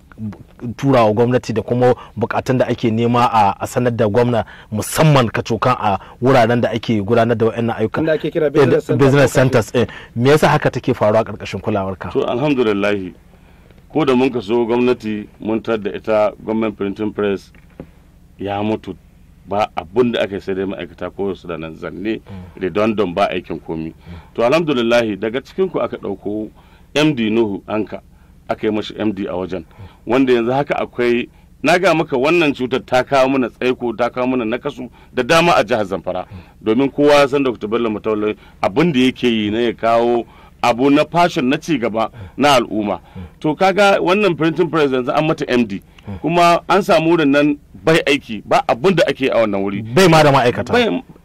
wa gwamnati da kuma bukatun da ake nema a sanar da gwamna musamman kacokan a wuraren da ake gudanar da waɗannan ayyuka business eh, centers eh. me yasa haka take faruwa ƙarƙashin kulawarka to alhamdulillah ko da mun kaso gwamnati mun tar da ita gwamnan printing press ya mutu ba abun da aka sai dai ma'aikata ko su da nan zanne mm. redundant ba aikin komi to alhamdulillahi daga cikinku aka ɗauko md nuhu anka aka yi mashi md a wajen wanda yanzu haka akwai na ga maka wannan cutar ta kawo mana tsaiko ta kawo mana nakasu da dama a jihar zamfara mm. domin kowa ya san dr bello mataulai abin da yake yi na ya kawo abu na fashion na ci gaba na al'umma to kaga wannan printing press yanzu an mata md kuma an samu wurin nan bai aiki ba abun da ake a wannan wuri bai ma da ma'aikata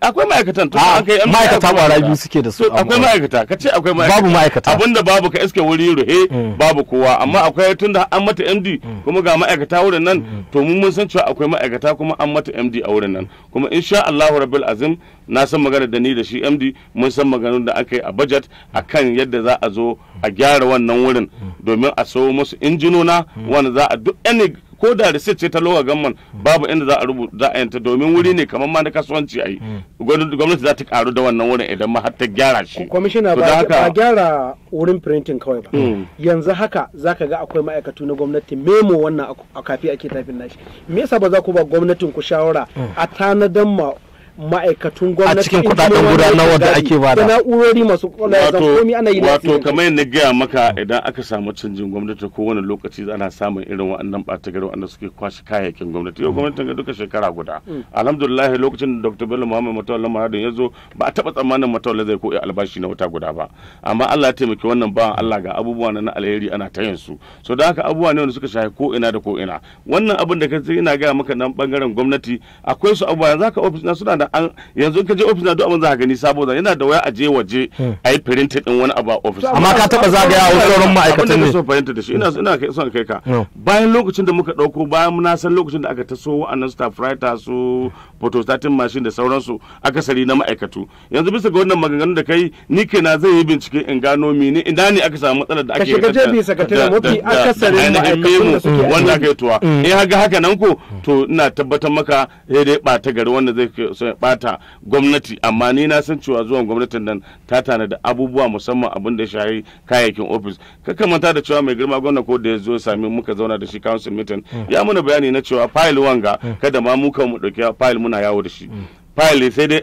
akwai ma'aikatan to ah, an kai ma'aikata kwara biyu suke da su akwai ma'aikata ka akwai ma'aikata babu ma'aikata abinda babu ka iske wuri ruhe mm. babu kowa amma mm. akwai tunda an mata MD mm. kuma ga ma'aikata wurin nan to mun mun san cewa akwai ma'aikata kuma an mata MD a wurin nan kuma insha Allahu rabbil azim na san magana da ni da shi MD mun san maganar da aka yi a budget akan yadda za a zo a gyara wannan wurin domin a sayo musu injinona wanda za a duk any ko da receipt ce ta lowa gamman babu inda za a rubuta za a yanta domin wuri ne kamar ma na kasuwanci a yi hmm. gwamnati za ta karu da wannan wurin idan ma har ta gyara shi kwamishina ba a gyara wurin printing kawai ba hmm. yanzu haka za ka ga akwai ma'aikatu na gwamnati memo wannan a kafi ake tafin nashi me yasa ba za ku ba gwamnatin ku shawara hmm. a tanadan ma ma'aikatun gwamnati a cikin kudaden gudanarwa da ake ba da na'urori masu ya zan komi ana yi wato kamar yadda gaya maka idan aka samu canjin gwamnati ko wani lokaci ana samun irin waɗannan ɓata gari waɗanda suke kwashe kayayyakin gwamnati yau mm. gwamnati ga duka shekara guda mm. alhamdulillah lokacin da dr bello muhammad matawalla maradin ya zo ba a taɓa tsammanin matawalla zai koya albashi na wata guda ba amma allah ya taimaki wannan ba allah ga abubuwa na alheri ana ta yin su so da haka abubuwa ne wanda suka shahi ko ina da ko ina wannan abin da ka ina gaya maka nan bangaren gwamnati akwai su abubuwa yanzu haka ofis na suna saboda an yanzu ka je ofis na duk abin za ka gani saboda yana da waya a je waje hmm. a yi printed din wani abu a ofis amma ka taba ya a sauran ma'aikatan ne ka so fahimta da shi ina ina son kai ka hmm. bayan lokacin da muka dauko bayan mun san lokacin da aka taso wa'annan staff writer su photostatin machine da sauransu akasari na ma'aikatu yanzu bisa ga wannan maganganun da kai ni na zai yi bincike in gano mene ina ne aka samu matsalar da ake ka shiga jebi sakatare mafi akasarin ma'aikatun da suke wanda aka yi tuwa hmm. in haka haka nan ko to ina tabbatar maka sai dai ɓata gari wanda zai ta bata gwamnati amma ni na san cewa zuwan gwamnatin nan ta tana da abubuwa musamman abin da shahi kayayyakin ofis ka manta da cewa mai girma gwamna ko da ya zo sami muka zauna da shi council meeting mm. ya muna bayani na cewa file wanga mm. kada ma mu kan mu dauki file muna yawo da shi mm. fayil sai dai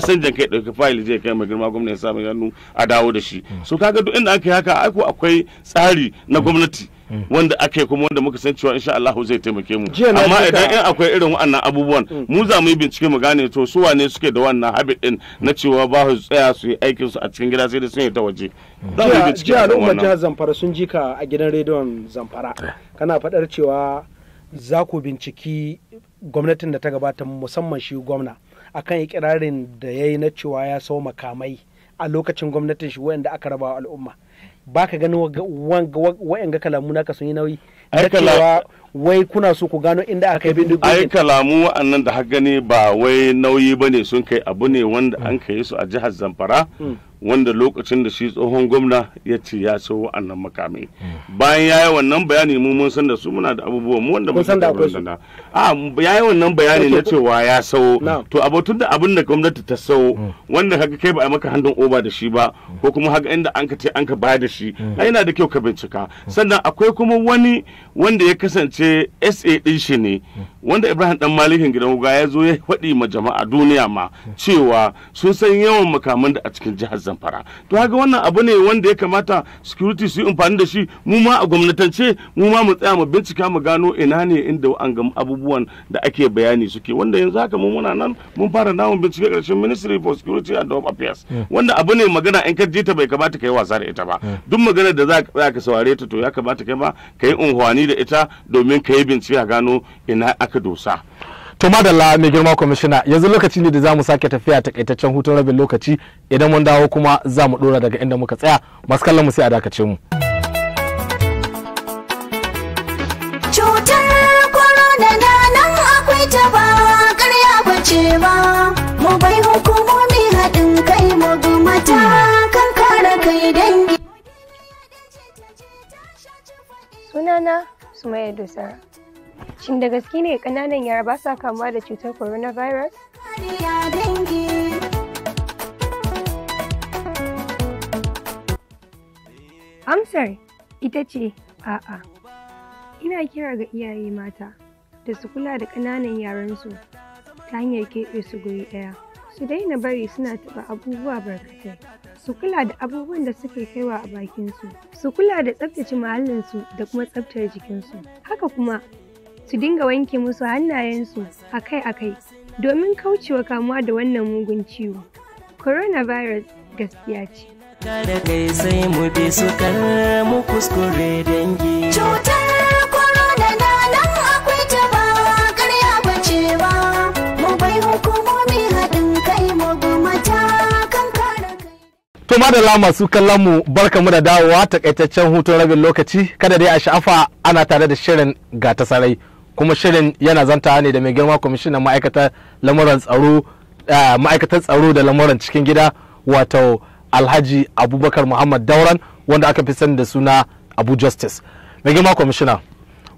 san jan kai ɗauki fayil zai kai mai girma gwamna ya samu hannu a dawo da shi so kaga duk inda aka yi haka aiko akwai tsari na gwamnati wanda ake kuma wanda muka san cewa insha Allah zai taimake mu amma idan in akwai irin wannan abubuwan mm. mu za mu yi bincike mu gane to su wane suke da wannan habit din na cewa ba su tsaya su yi aikin su a cikin gida sai da sun yi ta waje za mu yi bincike jiya jihar Zamfara sun ji ka a gidan rediyon Zamfara eh. kana faɗar cewa za ku binciki gwamnatin da ta gabata musamman shi gwamna akan ikirarin da ya yi na cewa ya sau makamai a lokacin gwamnatin shi wanda aka raba al'umma ba ka gani ga kalamu naka sun yi nauyi da wai kuna so ku gano inda aka yi bindigogin ai kalamu wa'annan da har gani ba wai nauyi ba ne sun kai abu ne wanda hmm. an kai su a jihar zamfara hmm. wanda lokacin da shi tsohon gwamna ya ce ya so wa'annan makamai hmm. bayan ya yi wannan bayani mu mun san da su muna da abubuwan mu wanda mun san da akwai a ah, ya yi wannan bayani na cewa ya sau to abatun da abin da gwamnati ta sau hmm. wanda haka kai ba a maka hannun oba da shi ba hmm. ko kuma haka inda an ka ce an ka bayar da shi hmm. ai yana da kyau ka bincika sannan akwai kuma wani wanda ya kasance sa din shi ne wanda ibrahim dan malikin gidan uga ya zo ya faɗi ma jama'a duniya ma cewa sun san yawan makaman da a cikin jihar zamfara to haka wannan abu ne wanda ya kamata security su yi amfani da shi mu ma a gwamnatance mu ma mu tsaya mu bincika mu gano ina ne inda an ga abubuwa abubuwan da ake bayani suke wanda yanzu haka mun muna nan mun fara namun bincike karshen ministry for security and home affairs wanda abu ne magana in ka je ta bai kamata ka yi wasa da ita ba duk magana da za ka saware ta to ya kamata kai ma ka yi unhwani da ita domin ka yi bincike a gano ina aka dosa to madalla mai girma kwamishina yanzu lokaci ne da za mu sake tafiya takaitaccen hutun rabin lokaci idan mun dawo kuma za mu dora daga inda muka tsaya masu kallon mu sai a dakace mu. cewa mu bai hukumomi haɗin kai mu bi kan kare kai dangi. Sunana Sumaya dusa Shin da gaske ne ƙananan yara ba sa kamuwa da cutar coronavirus? Amsar ita ce a'a. Ina kira ga iyaye mata da su kula da ƙananan yaransu ta hanyar keɓe su guri ɗaya su daina bari suna taɓa abubuwa barkatai su kula da abubuwan da suke kaiwa a bakinsu su kula da tsaftace muhallinsu da kuma tsaftar jikinsu haka kuma su dinga wanke musu hannayensu akai-akai domin kaucewa kamuwa da wannan mugun ciwo coronavirus gaskiya ce mu bi su kar kuskure dangi cutar corona na lama su kallon mu barka mu da dawowa takaitaccen hutun rabin lokaci kada dai a sha'afa ana tare da shirin ga ta sarai kuma shirin yana zanta ne da mai girma kwamishinan ma'aikatar tsaro ma'aikatar tsaro da lamuran cikin gida wato alhaji abubakar muhammad dauran wanda aka fi sani da suna abu justice mai girma kwamishina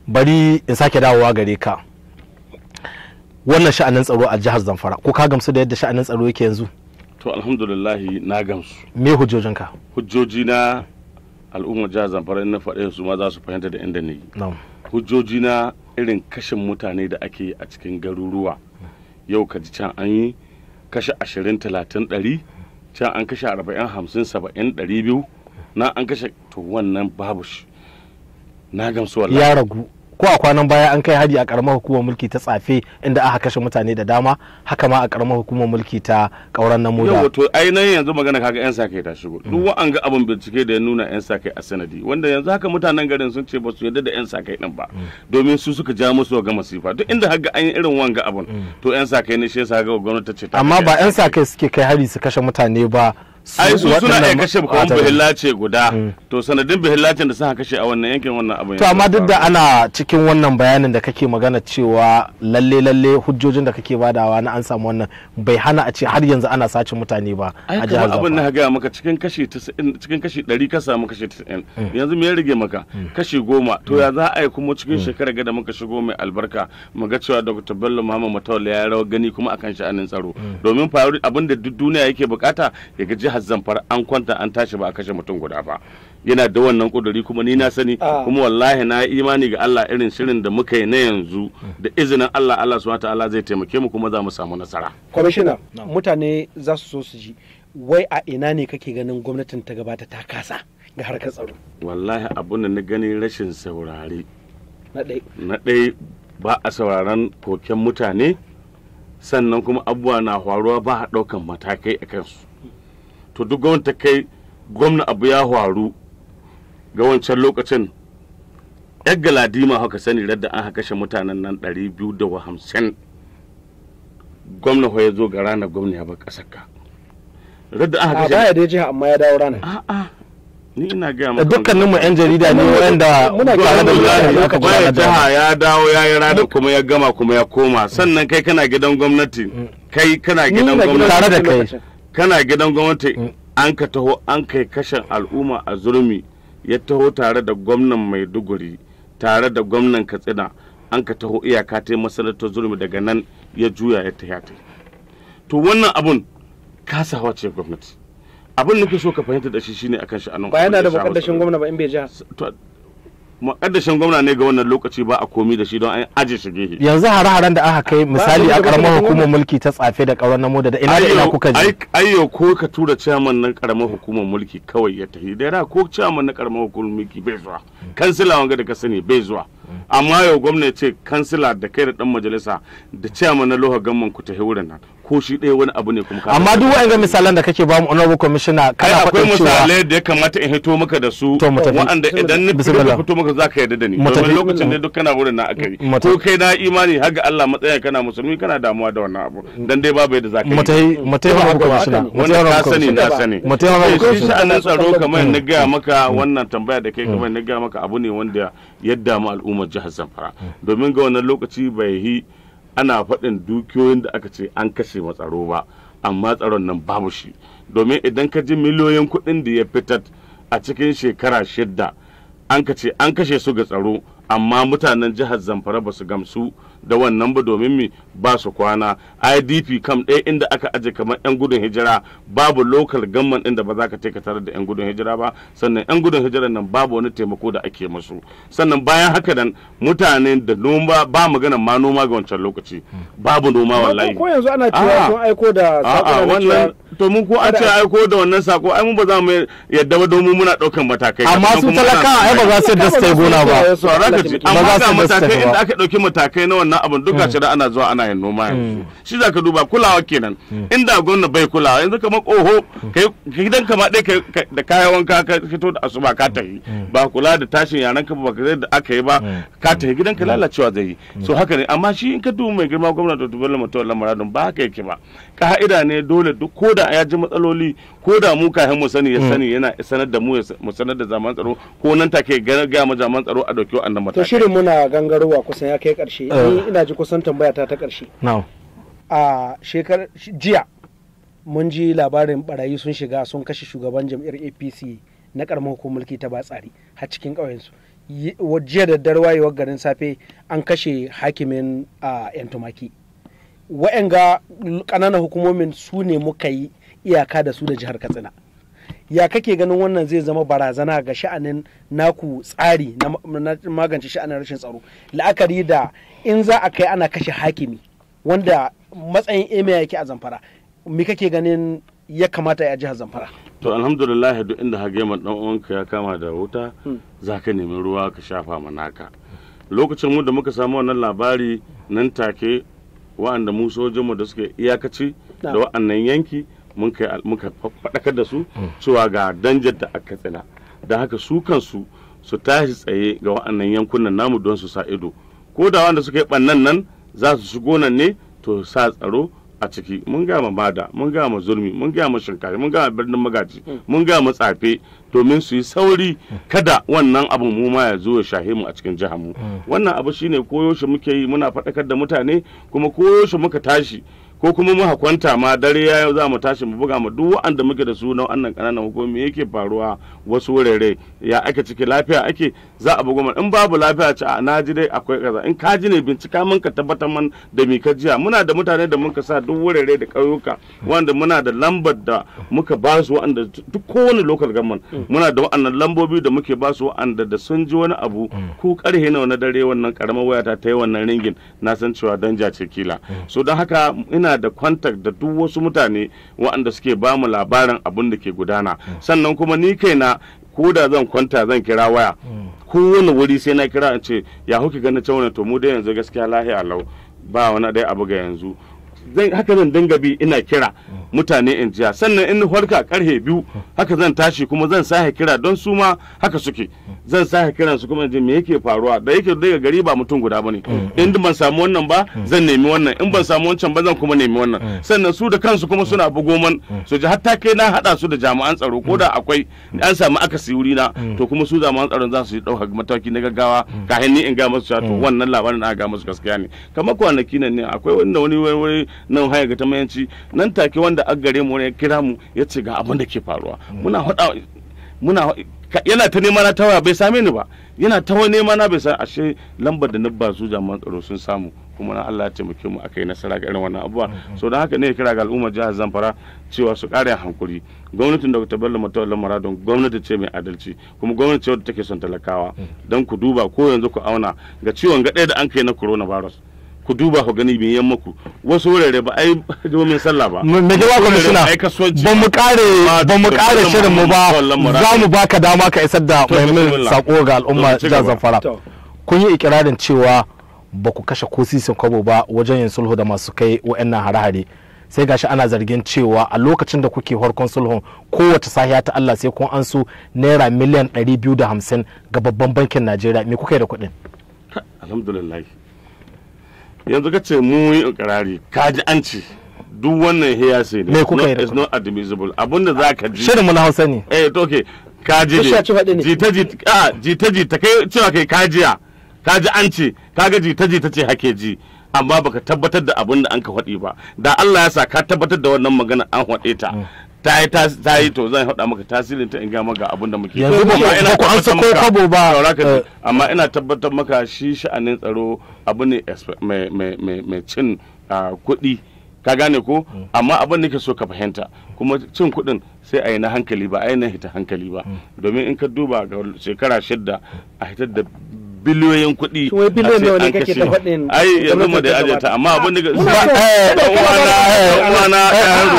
bari in sake dawowa gare ka wannan sha'anin tsaro a jihar zamfara ko ka gamsu da yadda sha'anin tsaro yake yanzu to alhamdulillahi na gamsu me hujjojinka hujjoji na al'ummar jihar zamfara na faɗe su ma za su fahimta da inda ne hujjoji na irin kashin mutane da ake a cikin garuruwa yau ka ji can an yi kashe ashirin talatin ɗari can an kashe arba'in hamsin saba'in ɗari biyu na an kashe to wannan babu shi na gamsu wallahi ya ragu ko a kwanan baya an kai hari a karamar hukumar mulki ta tsafe inda aka kashe mutane da dama haka ma a karamar hukumar mulki ta kauran na moda ai nan yanzu magana kaga yan sakai ta shigo duk wa'an ga abin bincike da ya nuna yan sakai a sanadi wanda yanzu haka mutanen garin sun ce ba su yarda da yan sakai din ba domin su suka ja musu ga masifa duk inda haka an yi irin wanga abun to yan sakai ne shi yasa ga gwamnati ta ce amma ba yan sakai suke kai hari su kashe mutane ba ai su suna iya kashe bukawan bihilla ce guda mm. to sanadin bihillacin da suka kashe a wannan yankin wannan abin to amma duk da ana cikin wannan bayanin da kake magana cewa lalle lalle hujjojin da kake badawa na an samu wannan bai hana a ce har yanzu ana sace mutane ba a jihar abin na ga maka cikin kashi 90 cikin kashi 100 ka samu kashi 90 mm. yanzu me ya rage maka mm. kashi 10 to ya za a yi kuma cikin shekara ga da muka shigo mai albarka mu ga cewa Dr. Bello Muhammad Matawalla ya rawa gani kuma akan sha'anin tsaro domin abin da duk duniya yake bukata ya ga jihar jihar an kwanta an tashi ba a kashe mutum guda ba yana da wannan kuduri kuma ni na sani ah. kuma wallahi na imani ga Allah irin shirin da muka yi na yanzu da izinin Allah Allah subhanahu zai taimake mu kuma za mu samu nasara commissioner mutane za su so su ji wai a ina ne kake ganin gwamnatin ta gabata ta kasa ga harkar tsaro wallahi abun da na gani rashin saurare na ɗaya ba a sauraron koken mutane sannan kuma abubuwa na faruwa ba a ɗaukan matakai a kansu to duk gwamnati ta kai gwamna abu ya faru ga wancan lokacin yan galadima haka sani radda an kashe mutanen nan 250 gwamna ya zo ga ranar gwamna ya bar ƙasar ka radda an kashe baya da jiha amma ya dawo ranar ni ina gaya maka dukkanin mu yan jarida ne wanda muna tare da ranar aka baya jiha ya dawo ya yi rada kuma ya gama kuma ya koma sannan kai kana gidan gwamnati mm. kai kana gidan gwamnati tare da kai kana gidan gwamnati mm. an ka taho an kai kashen al'umma a zurmi ya taho tare da gwamnan maiduguri tare da gwamnan katsina an ka taho iyaka ta masarautar zurmi daga nan ya juya ya tafiya ta to wannan abun kasa wace gwamnati abin nake so ka fahimta da shi shine akan sha'anin ba yana da mukaddashin gwamna ba in bai ja makaddashin gwamna ne ga wannan lokaci ba a komi da shi don an aje shi gehe yanzu hare-haren da aka kai misali a karamar hukumar mulki ta tsafe da kauran namo da ina da ina kuka je ayyo ko ka tura chairman na karamar hukumar mulki kawai ya tafi da yana ko chairman na karamar hukumar mulki bai zuwa kansila wanga da ka sani bai zuwa amma yau gwamna ce kansila da kai da dan majalisa da chairman na loha gamman ku tafi wurin nan ko shi ɗaya wani abu ne kuma amma duk wa'annan misalan da kake ba mu honorable commissioner kana faɗin cewa akwai misalai da ya kamata in hito maka da su wa'anda idan ni fito maka za ka yarda da ni domin lokacin ne duk kana wurin na akari ko kai na imani har ga Allah matsayin kana musulmi kana damuwa da wannan abu dan dai babu yadda za ka yi mutai mutai honorable commissioner wannan ka sani na sani mutai honorable commissioner shi anan tsaro kamar na ga maka wannan tambaya da kai kamar na ga maka abu ne wanda ya damu al'ummar jihar Zamfara hmm. domin ga wannan lokaci bai yi ana faɗin dukiyoyin da aka ce an kashe matsaro ba amma tsaron nan babu shi domin idan ka ji miliyoyin kuɗin da ya fitar a cikin shekara shidda an ka ce an kashe su ga tsaro amma mutanen jihar zamfara ba su gamsu da wannan ba domin mi ba su kwana idp kam ɗaya inda aka aje kamar 'yan gudun hijira babu local gamman ɗin da ba za ka ka tare da 'yan gudun hijira ba sannan 'yan gudun hijira nan babu wani taimako da ake musu sannan bayan haka nan mutane da noma ba magana ma noma ga wancan lokaci babu noma wallahi ko yanzu ana cewa sun aiko da wannan to mun ko a ce aiko da wannan sako ai mun ba za mu yadda ba domin muna ɗaukan matakai amma su talaka ai ba za su yadda su gona ba ba za su matakai inda aka ɗauki matakai na wannan wannan abin duka hmm. shari'a ana zuwa ana yin noma hmm. yanzu shi za ka duba kulawa kenan hmm. inda gwamna bai kulawa yanzu kamar kai gidan kama ɗaya da kayan wanka ka fito da asuba ka tafi ba kula da tashin yaran ka ba zai da aka yi ba ka tafi gidan ka lalacewa zai yi so haka ne amma shi in ka duba mai girma gwamna da tubalin mutuwar lamarin ba haka yake ba ka'ida ne dole duk ko da ya ji matsaloli ko da mu kafin mu sani ya hmm. sani yana sanar da mu mu sanar da zaman tsaro ko nan take ga mu zaman tsaro a dauki wannan mataki to shirin muna gangarowa kusan ya kai karshe eh. ni ina ji kusan tambaya ta ta karshe a shekar jiya mun ji labarin barayi sun shiga sun kashe shugaban jam'iyyar APC na karamar hukumulki mulki ta batsari har cikin su jiya da darwayewar garin safe an kashe hakimin a yan tumaki wa'anga kananan hukumomin su ne muka yi iyaka da su da jihar katsina ya kake ganin wannan zai zama barazana ga sha'anin naku tsari na magance sha'anin rashin tsaro la'akari da in za a kai ana kashe hakimi wanda matsayin eme yake a zamfara me kake ganin ya kamata ya jihar zamfara to alhamdulillah duk inda hageman dan uwanka ya kama da wuta hmm. za ka nemi ruwa ka shafa manaka lokacin mu da muka samu wannan labari nan take wa'anda mu sojinmu da suke iyakaci da wa'annan yanki muka faɗakar da su mm. cewa ga danjar da aka tsina da haka su kansu su tashi tsaye ga wa'annan yankunan namu don su sa ido ko da wanda suka yi ɓannan nan za su shigo nan ne to sa tsaro a ciki mun gama mada mun gama zulmi mun gama shinkafi mun gama birnin magaji mun gama tsafe domin su yi sauri kada wannan abin mu ma ya zo ya shahe mu a cikin jihar mu wannan abu shine koyo shi muke yi muna faɗakar da mutane kuma koyo shi muka tashi ko kuma mu kwanta ma dare ya za mu tashi mu buga mu duk wanda muke da su na wannan kananan hukumi yake faruwa wasu wurare ya ake ciki lafiya ake za a bugu in babu lafiya ce a na dai akwai kaza in ka ji ne bincika mun ka tabbatar man da mi ka jiya muna da mutane da muka sa duk wurare da ƙauyuka wanda muna da lambar da muka ba su wanda duk kowane local government muna da wa'annan lambobi da muke ba su wanda da sun ji wani abu ko karhe nawa na dare wannan karamar wayata ta yi wannan ringin na san cewa danja ce kila so don haka ina da contact da duk wasu mutane wa'anda suke ba mu labarin abin da ke gudana sannan kuma ni kaina ko da zan kwanta zan kira waya mm. ko wani wuri sai na kira in ce ya huki ganin cewa to mu dai yanzu gaskiya lahi alau ba wani dai abu ga yanzu zai haka zan dinga bi ina kira mutane in jiya sannan in harka karhe biyu haka zan tashi kuma zan sahe kira don su ma haka suke zan sahe kira su kuma ji me yake faruwa da yake daga gari ba mutum guda bane in ban samu wannan ba zan nemi wannan in ban samu wancan ba zan kuma nemi wannan sannan su da kansu kuma suna bugo man su ji hatta kai na hada su da jami'an tsaro ko da akwai an samu akasi wuri na to kuma su jami'an tsaron za su yi dauka mataki na gaggawa kafin ni in ga masu to mm. wannan labarin na ga masu gaskiya ne kamar kwanaki nan ne akwai wanda wani wani nan haya ga tamayanci nan take wanda a gare mu ya kira mu ya ce ga abin da ke faruwa muna hada muna yana ta nema na tawaya bai same ni ba yana tawa nema na bai san ashe lambar da na su jami'an tsaro sun samu kuma na Allah ya taimake mu akai nasara ga irin wannan abuwa mm-hmm. so dan haka ne kira ga al'umma jihar Zamfara cewa su kare hankuri gwamnatin da ta Bello Matawalle Maradon gwamnati ce mai adalci kuma gwamnati ce wadda take son talakawa mm-hmm. dan ku duba ko yanzu ku auna ga ciwon ga da an kai na coronavirus ku duba ku gani bin yan muku wasu wurare ba ai domin sallah ba me jawa kwamishina ba mu kare ba mu kare shirin mu ba za mu baka dama ka isar da muhimmin sako ga al'umma jihar zamfara kun yi ikirarin cewa ba ku kashe ko sisin ba wajen yin sulhu da masu kai wa'annan hare-hare sai gashi ana zargin cewa a lokacin da kuke harkon sulhun kowace sahiya ta Allah sai kun an naira miliyan 250 ga babban bankin Najeriya me kuka yi da kuɗin alhamdulillah yanzu ka ce mu yi ikirari ka ji an ce duk wannan hiya sai ne is it's not admissible abinda za ka ji shirin muna hausa ne eh to okay ka ji ne jita ah, jita a jita jita kai cewa kai ka jiya ka ji an ce kaga jita jita ce hake ji amma baka tabbatar da abin da an ka faɗi ba da Allah ya sa ka tabbatar da wannan magana an faɗe ta mm. ta yi ta yi to zan hada maka tasirin ta in ga maka abin da muke yanzu ba ina ko an sako kabo ba eh. amma ina tabbatar maka shi sha'anin tsaro abu ne mai cin ah, kuɗi ka gane ko mm. amma abin da ke so ka fahimta kuma cin kuɗin sai a yi na hankali ba a yi na hita hankali ba mm. domin in ka duba ga shekara shidda a hitar da biliyoyin kuɗi a biliyon an ne kake ai yanzu mu da ajiyata amma abin da ga eh, uwana eh, uwana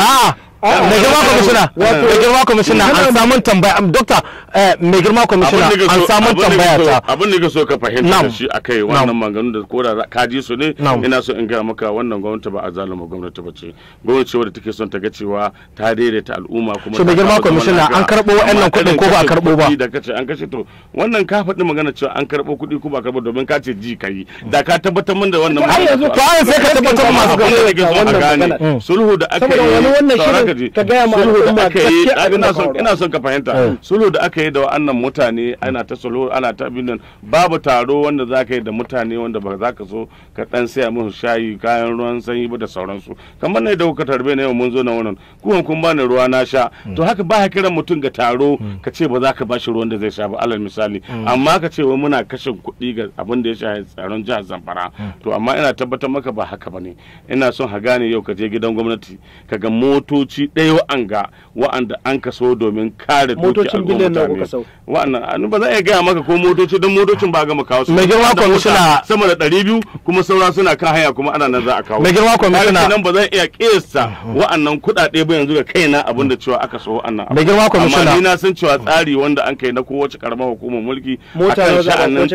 ah! mai girma kwamishina mai girma kwamishina an samun tambaya um, dokta eh, mai girma kwamishina an samun tambaya ta abin da ka so ka fahimta shi akai wannan maganganu da koda ka ji su ne ina so in gaya maka wannan gwamnati ba a zalima gwamnati ba ce gwamnati wadda take son ta ga cewa ta daidaita al'umma kuma mai girma kwamishina an karbo wa'annan kuɗin ko ba a karbo ba da kace an kashe to wannan ka faɗi magana cewa an karbo kuɗi ko ba karbo domin ka ce ji kai da ka tabbatar min da wannan to an sai ka tabbatar masu gwamnati da sulhu da aka yi ka gaya ma ina son ina ka fahimta eh. sulhu da aka yi da wannan mutane ana ta sulhu ana ta binin babu taro wanda za ka yi da mutane wanda ba za ka so ka dan saya musu shayi kayan ruwan sanyi ba da sauransu kamar ne da kuka tarbe ne mun zo na wannan kuwan kun bani ruwa na sha hmm. to haka ba ka kiran mutum ga taro hmm. ka ce ba za ka bashi ruwan da zai sha ba alal misali hmm. amma ka ce wai muna kashe kuɗi ga abin da ya sha tsaron jihar Zamfara to amma ina tabbatar maka ba haka bane ina son ha gane yau ka je gidan gwamnati ka ga motoci motoci ɗaya wa'anga wa'anda an kaso domin kare motocin biliyan na kuka wa'annan an ba za a iya gaya maka ko motoci don motocin ba gama kawo su mai girma kwamishina sama da ɗari biyu kuma saura suna kan haya kuma ana nan za a kawo mai girma kwamishina nan ba zan iya kiyasta wa'annan kuɗaɗe ba yanzu ga kaina abin da cewa aka so wa'annan mai girma kwamishina amma ni na san cewa tsari wanda an kai na kowace karamar hukumar mulki akan sha'anin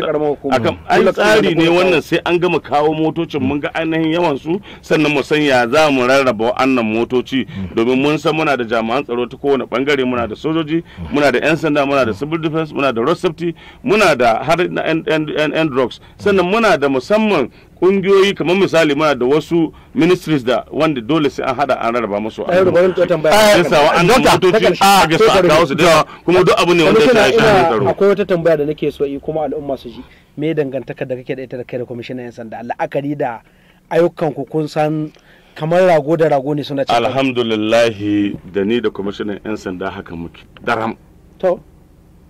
akan an tsari ne wannan sai an gama kawo motocin mun ga ainihin yawan su sannan mu san ya za mu rarraba wa'annan motoci domin domin mun san muna da jami'an tsaro ta kowane bangare muna da sojoji muna da 'yan sanda muna da civil defense muna da road safety muna da har na yan drugs sannan muna da musamman kungiyoyi kamar misali muna da wasu ministries da wanda dole sai an hada an raba musu a rubarin to an motoci a ga sa da kuma duk abu ne wanda ya shafi tsaro akwai wata tambaya da nake so yi kuma al'umma su ji me dangantaka da kake da ita da kai da kwamishinan yan sanda la'akari da ayyukan ku kun san kamar rago da rago ne suna cikin alhamdulillahi da ni da kwamishinan 'yan sanda haka muke daram to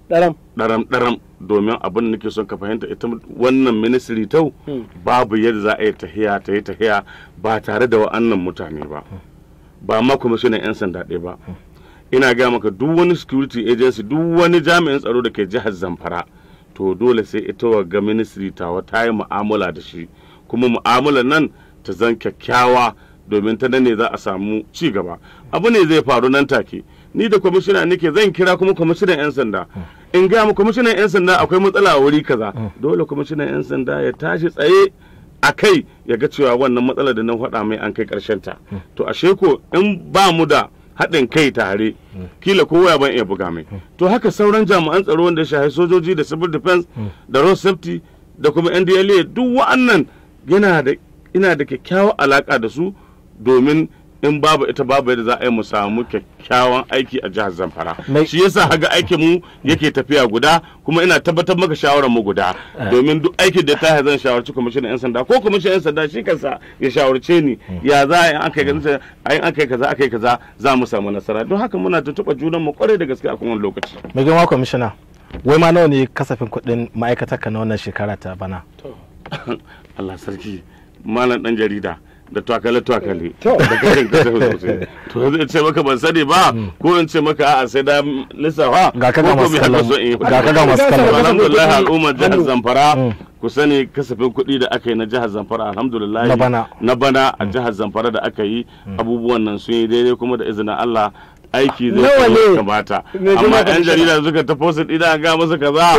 daram daram daram domin abin nake son ka fahimta ita wannan ministry tau hmm. babu yadda za a yi tahiya ta yi tahiya ba tare da wa'annan mutane ba hmm. ba ma kwamishinan 'yan sanda ɗaya ba ina ga maka duk wani security agency duk wani jami'in tsaro da ke jihar zamfara to dole sai ita ga ministry tawa ta yi mu'amala da shi kuma mu'amalar nan ta zan kyakkyawa domin ta ne za a samu ci gaba abu ne zai faru nan take ni da kwamishina nake zan kira kuma kwamishinan 'yan sanda in ga mu kwamishinan 'yan sanda akwai matsala a wuri kaza dole kwamishinan 'yan sanda ya tashi tsaye a kai ya ga cewa wannan matsala da nan faɗa mai an kai ƙarshen ta to ashe ko in ba mu da haɗin kai tare kila kowa ya ban iya buga mai to haka sauran jami'an tsaro wanda shahi sojoji da civil defense da road safety da kuma ndla duk wa'annan yana da ina da kyakkyawar alaƙa da su domin in babu ita babu yadda za a yi mu samu kyakkyawan aiki a jihar zamfara shi yasa haga aikin mu yake tafiya guda kuma ina tabbatar maka shawarar mu guda eh. domin duk aikin da ta zan shawarci kwamishinan yan sanda ko kwamishinan yan sanda shi kansa ya shawarce ni hmm. ya za a yi a yi an kai kaza a kai kaza za mu samu nasara don haka muna tuntuɓa junan mu kwarai da gaske a kowane lokaci mai girma kwamishina wai ma nawa ne kasafin kuɗin ma'aikatar ka na wannan shekara ta bana Allah sarki malam dan jarida da twakale twakale to zai ce maka ban sani ba mm. ko in ce maka a'a sai da lissafa ga kaga masu kallon ga kaga masu kallon alhamdulillah al'ummar jihar Zamfara mm. ku sani kasafin kuɗi da aka yi na jihar Zamfara alhamdulillah na bana a mm. jihar Zamfara da aka yi abubuwan nan sun yi daidai kuma da izinin Allah aiki zai kamata amma yan jarida suka ta post ina ga masa kaza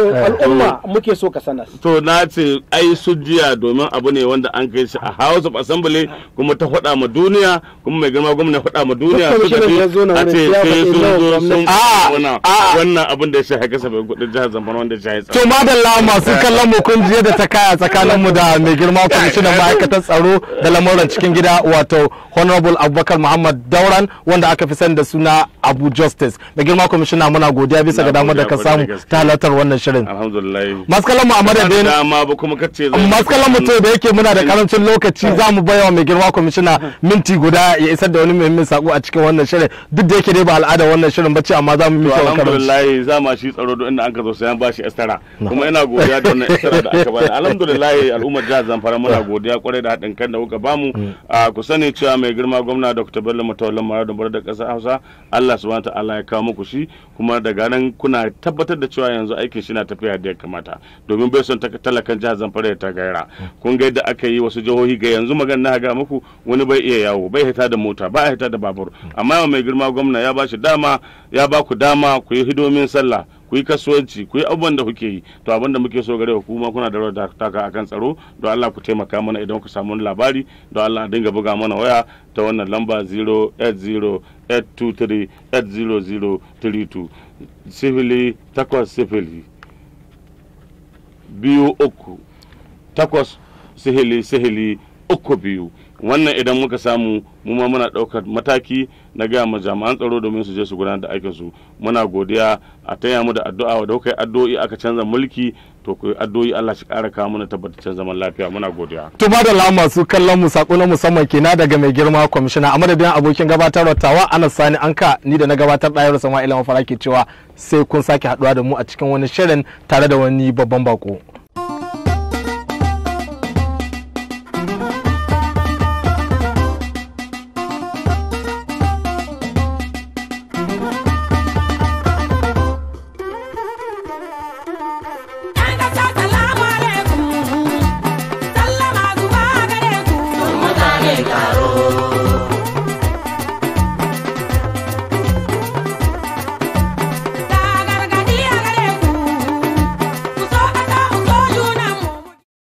al'umma muke so ka sanar to na ce ai su jiya domin abu ne wanda an kai shi a House of Assembly kuma ta faɗa ma duniya kuma mai girma gwamna faɗa ma duniya suka ce a ce sai su zo sun ah, ah. wannan abin da ya shi haka sabai kudin jihar Zamfara wanda ya yi to madalla masu kallon mu kun jiya da ta kaya tsakanin mu da mai girma kwamishinan ma'aikatar tsaro da lamuran cikin gida wato honorable Abubakar Muhammad Dauran wanda aka fi sani da suna Abu Justice da girma commissioner muna godiya bisa ga damar da ka samu ta halartar wannan shirin alhamdulillah maskalan mu a madadin maskalan mu to da yake muna da karancin lokaci eh. za mu baiwa mai girma commissioner minti guda ya isar da wani muhimmin sako a cikin wannan shirin duk da yake dai ba al'ada wannan shirin bace amma za mu miƙa karanci alhamdulillah za mu shi tsaro don inda an ka zo sai an bashi estara kuma ina godiya da wannan estara da aka bani alhamdulillah al'ummar jihar Zamfara muna eh. godiya kwarai da haɗin kan da kuka bamu hmm. ah, ku sani cewa mai girma gwamna Dr. Bello Matawalle Mara Bar da ƙasar Hausa Allah subhanahu ta'ala ya kawo muku shi kuma daga nan kuna tabbatar da cewa yanzu aikin shi na tafiya da ya kamata domin bai son talakan jihar Zamfara ya tagayara kun ga yadda aka yi wasu jihohi ga yanzu magana na ga muku wani bai iya yawo bai hita da mota ba hita da babur amma mai girma gwamna ya ba shi dama ya ba ku dama ku yi hidomin sallah ku yi kasuwanci ku yi abubuwan da kuke yi to abin da muke so gare ku kuma kuna da rawar taka akan tsaro don Allah ku taimaka mana idan ku samu labari don Allah a dinga buga mana waya ta wannan lamba 08082380032 sifili takwas sifili biyu uku takwas sihili sihili uku biyu wannan idan muka samu muma muna ɗaukar mataki na gaya ma jami'an tsaro domin su je su gudanar da su muna godiya a taya mu da addu'a wa daukai addu'o'i aka canza mulki to ku addu'o'i Allah shi ƙara kawo mana tabbataccen zaman lafiya muna godiya to ba da masu kallon mu sako na musamman ke na daga mai girma kwamishina a madadin abokin gabatarwa tawa Anas Sani Anka ni da na gabatar da Ayar Sama'ila Mafara ke cewa sai kun sake haduwa da mu a cikin wani shirin tare da wani babban bako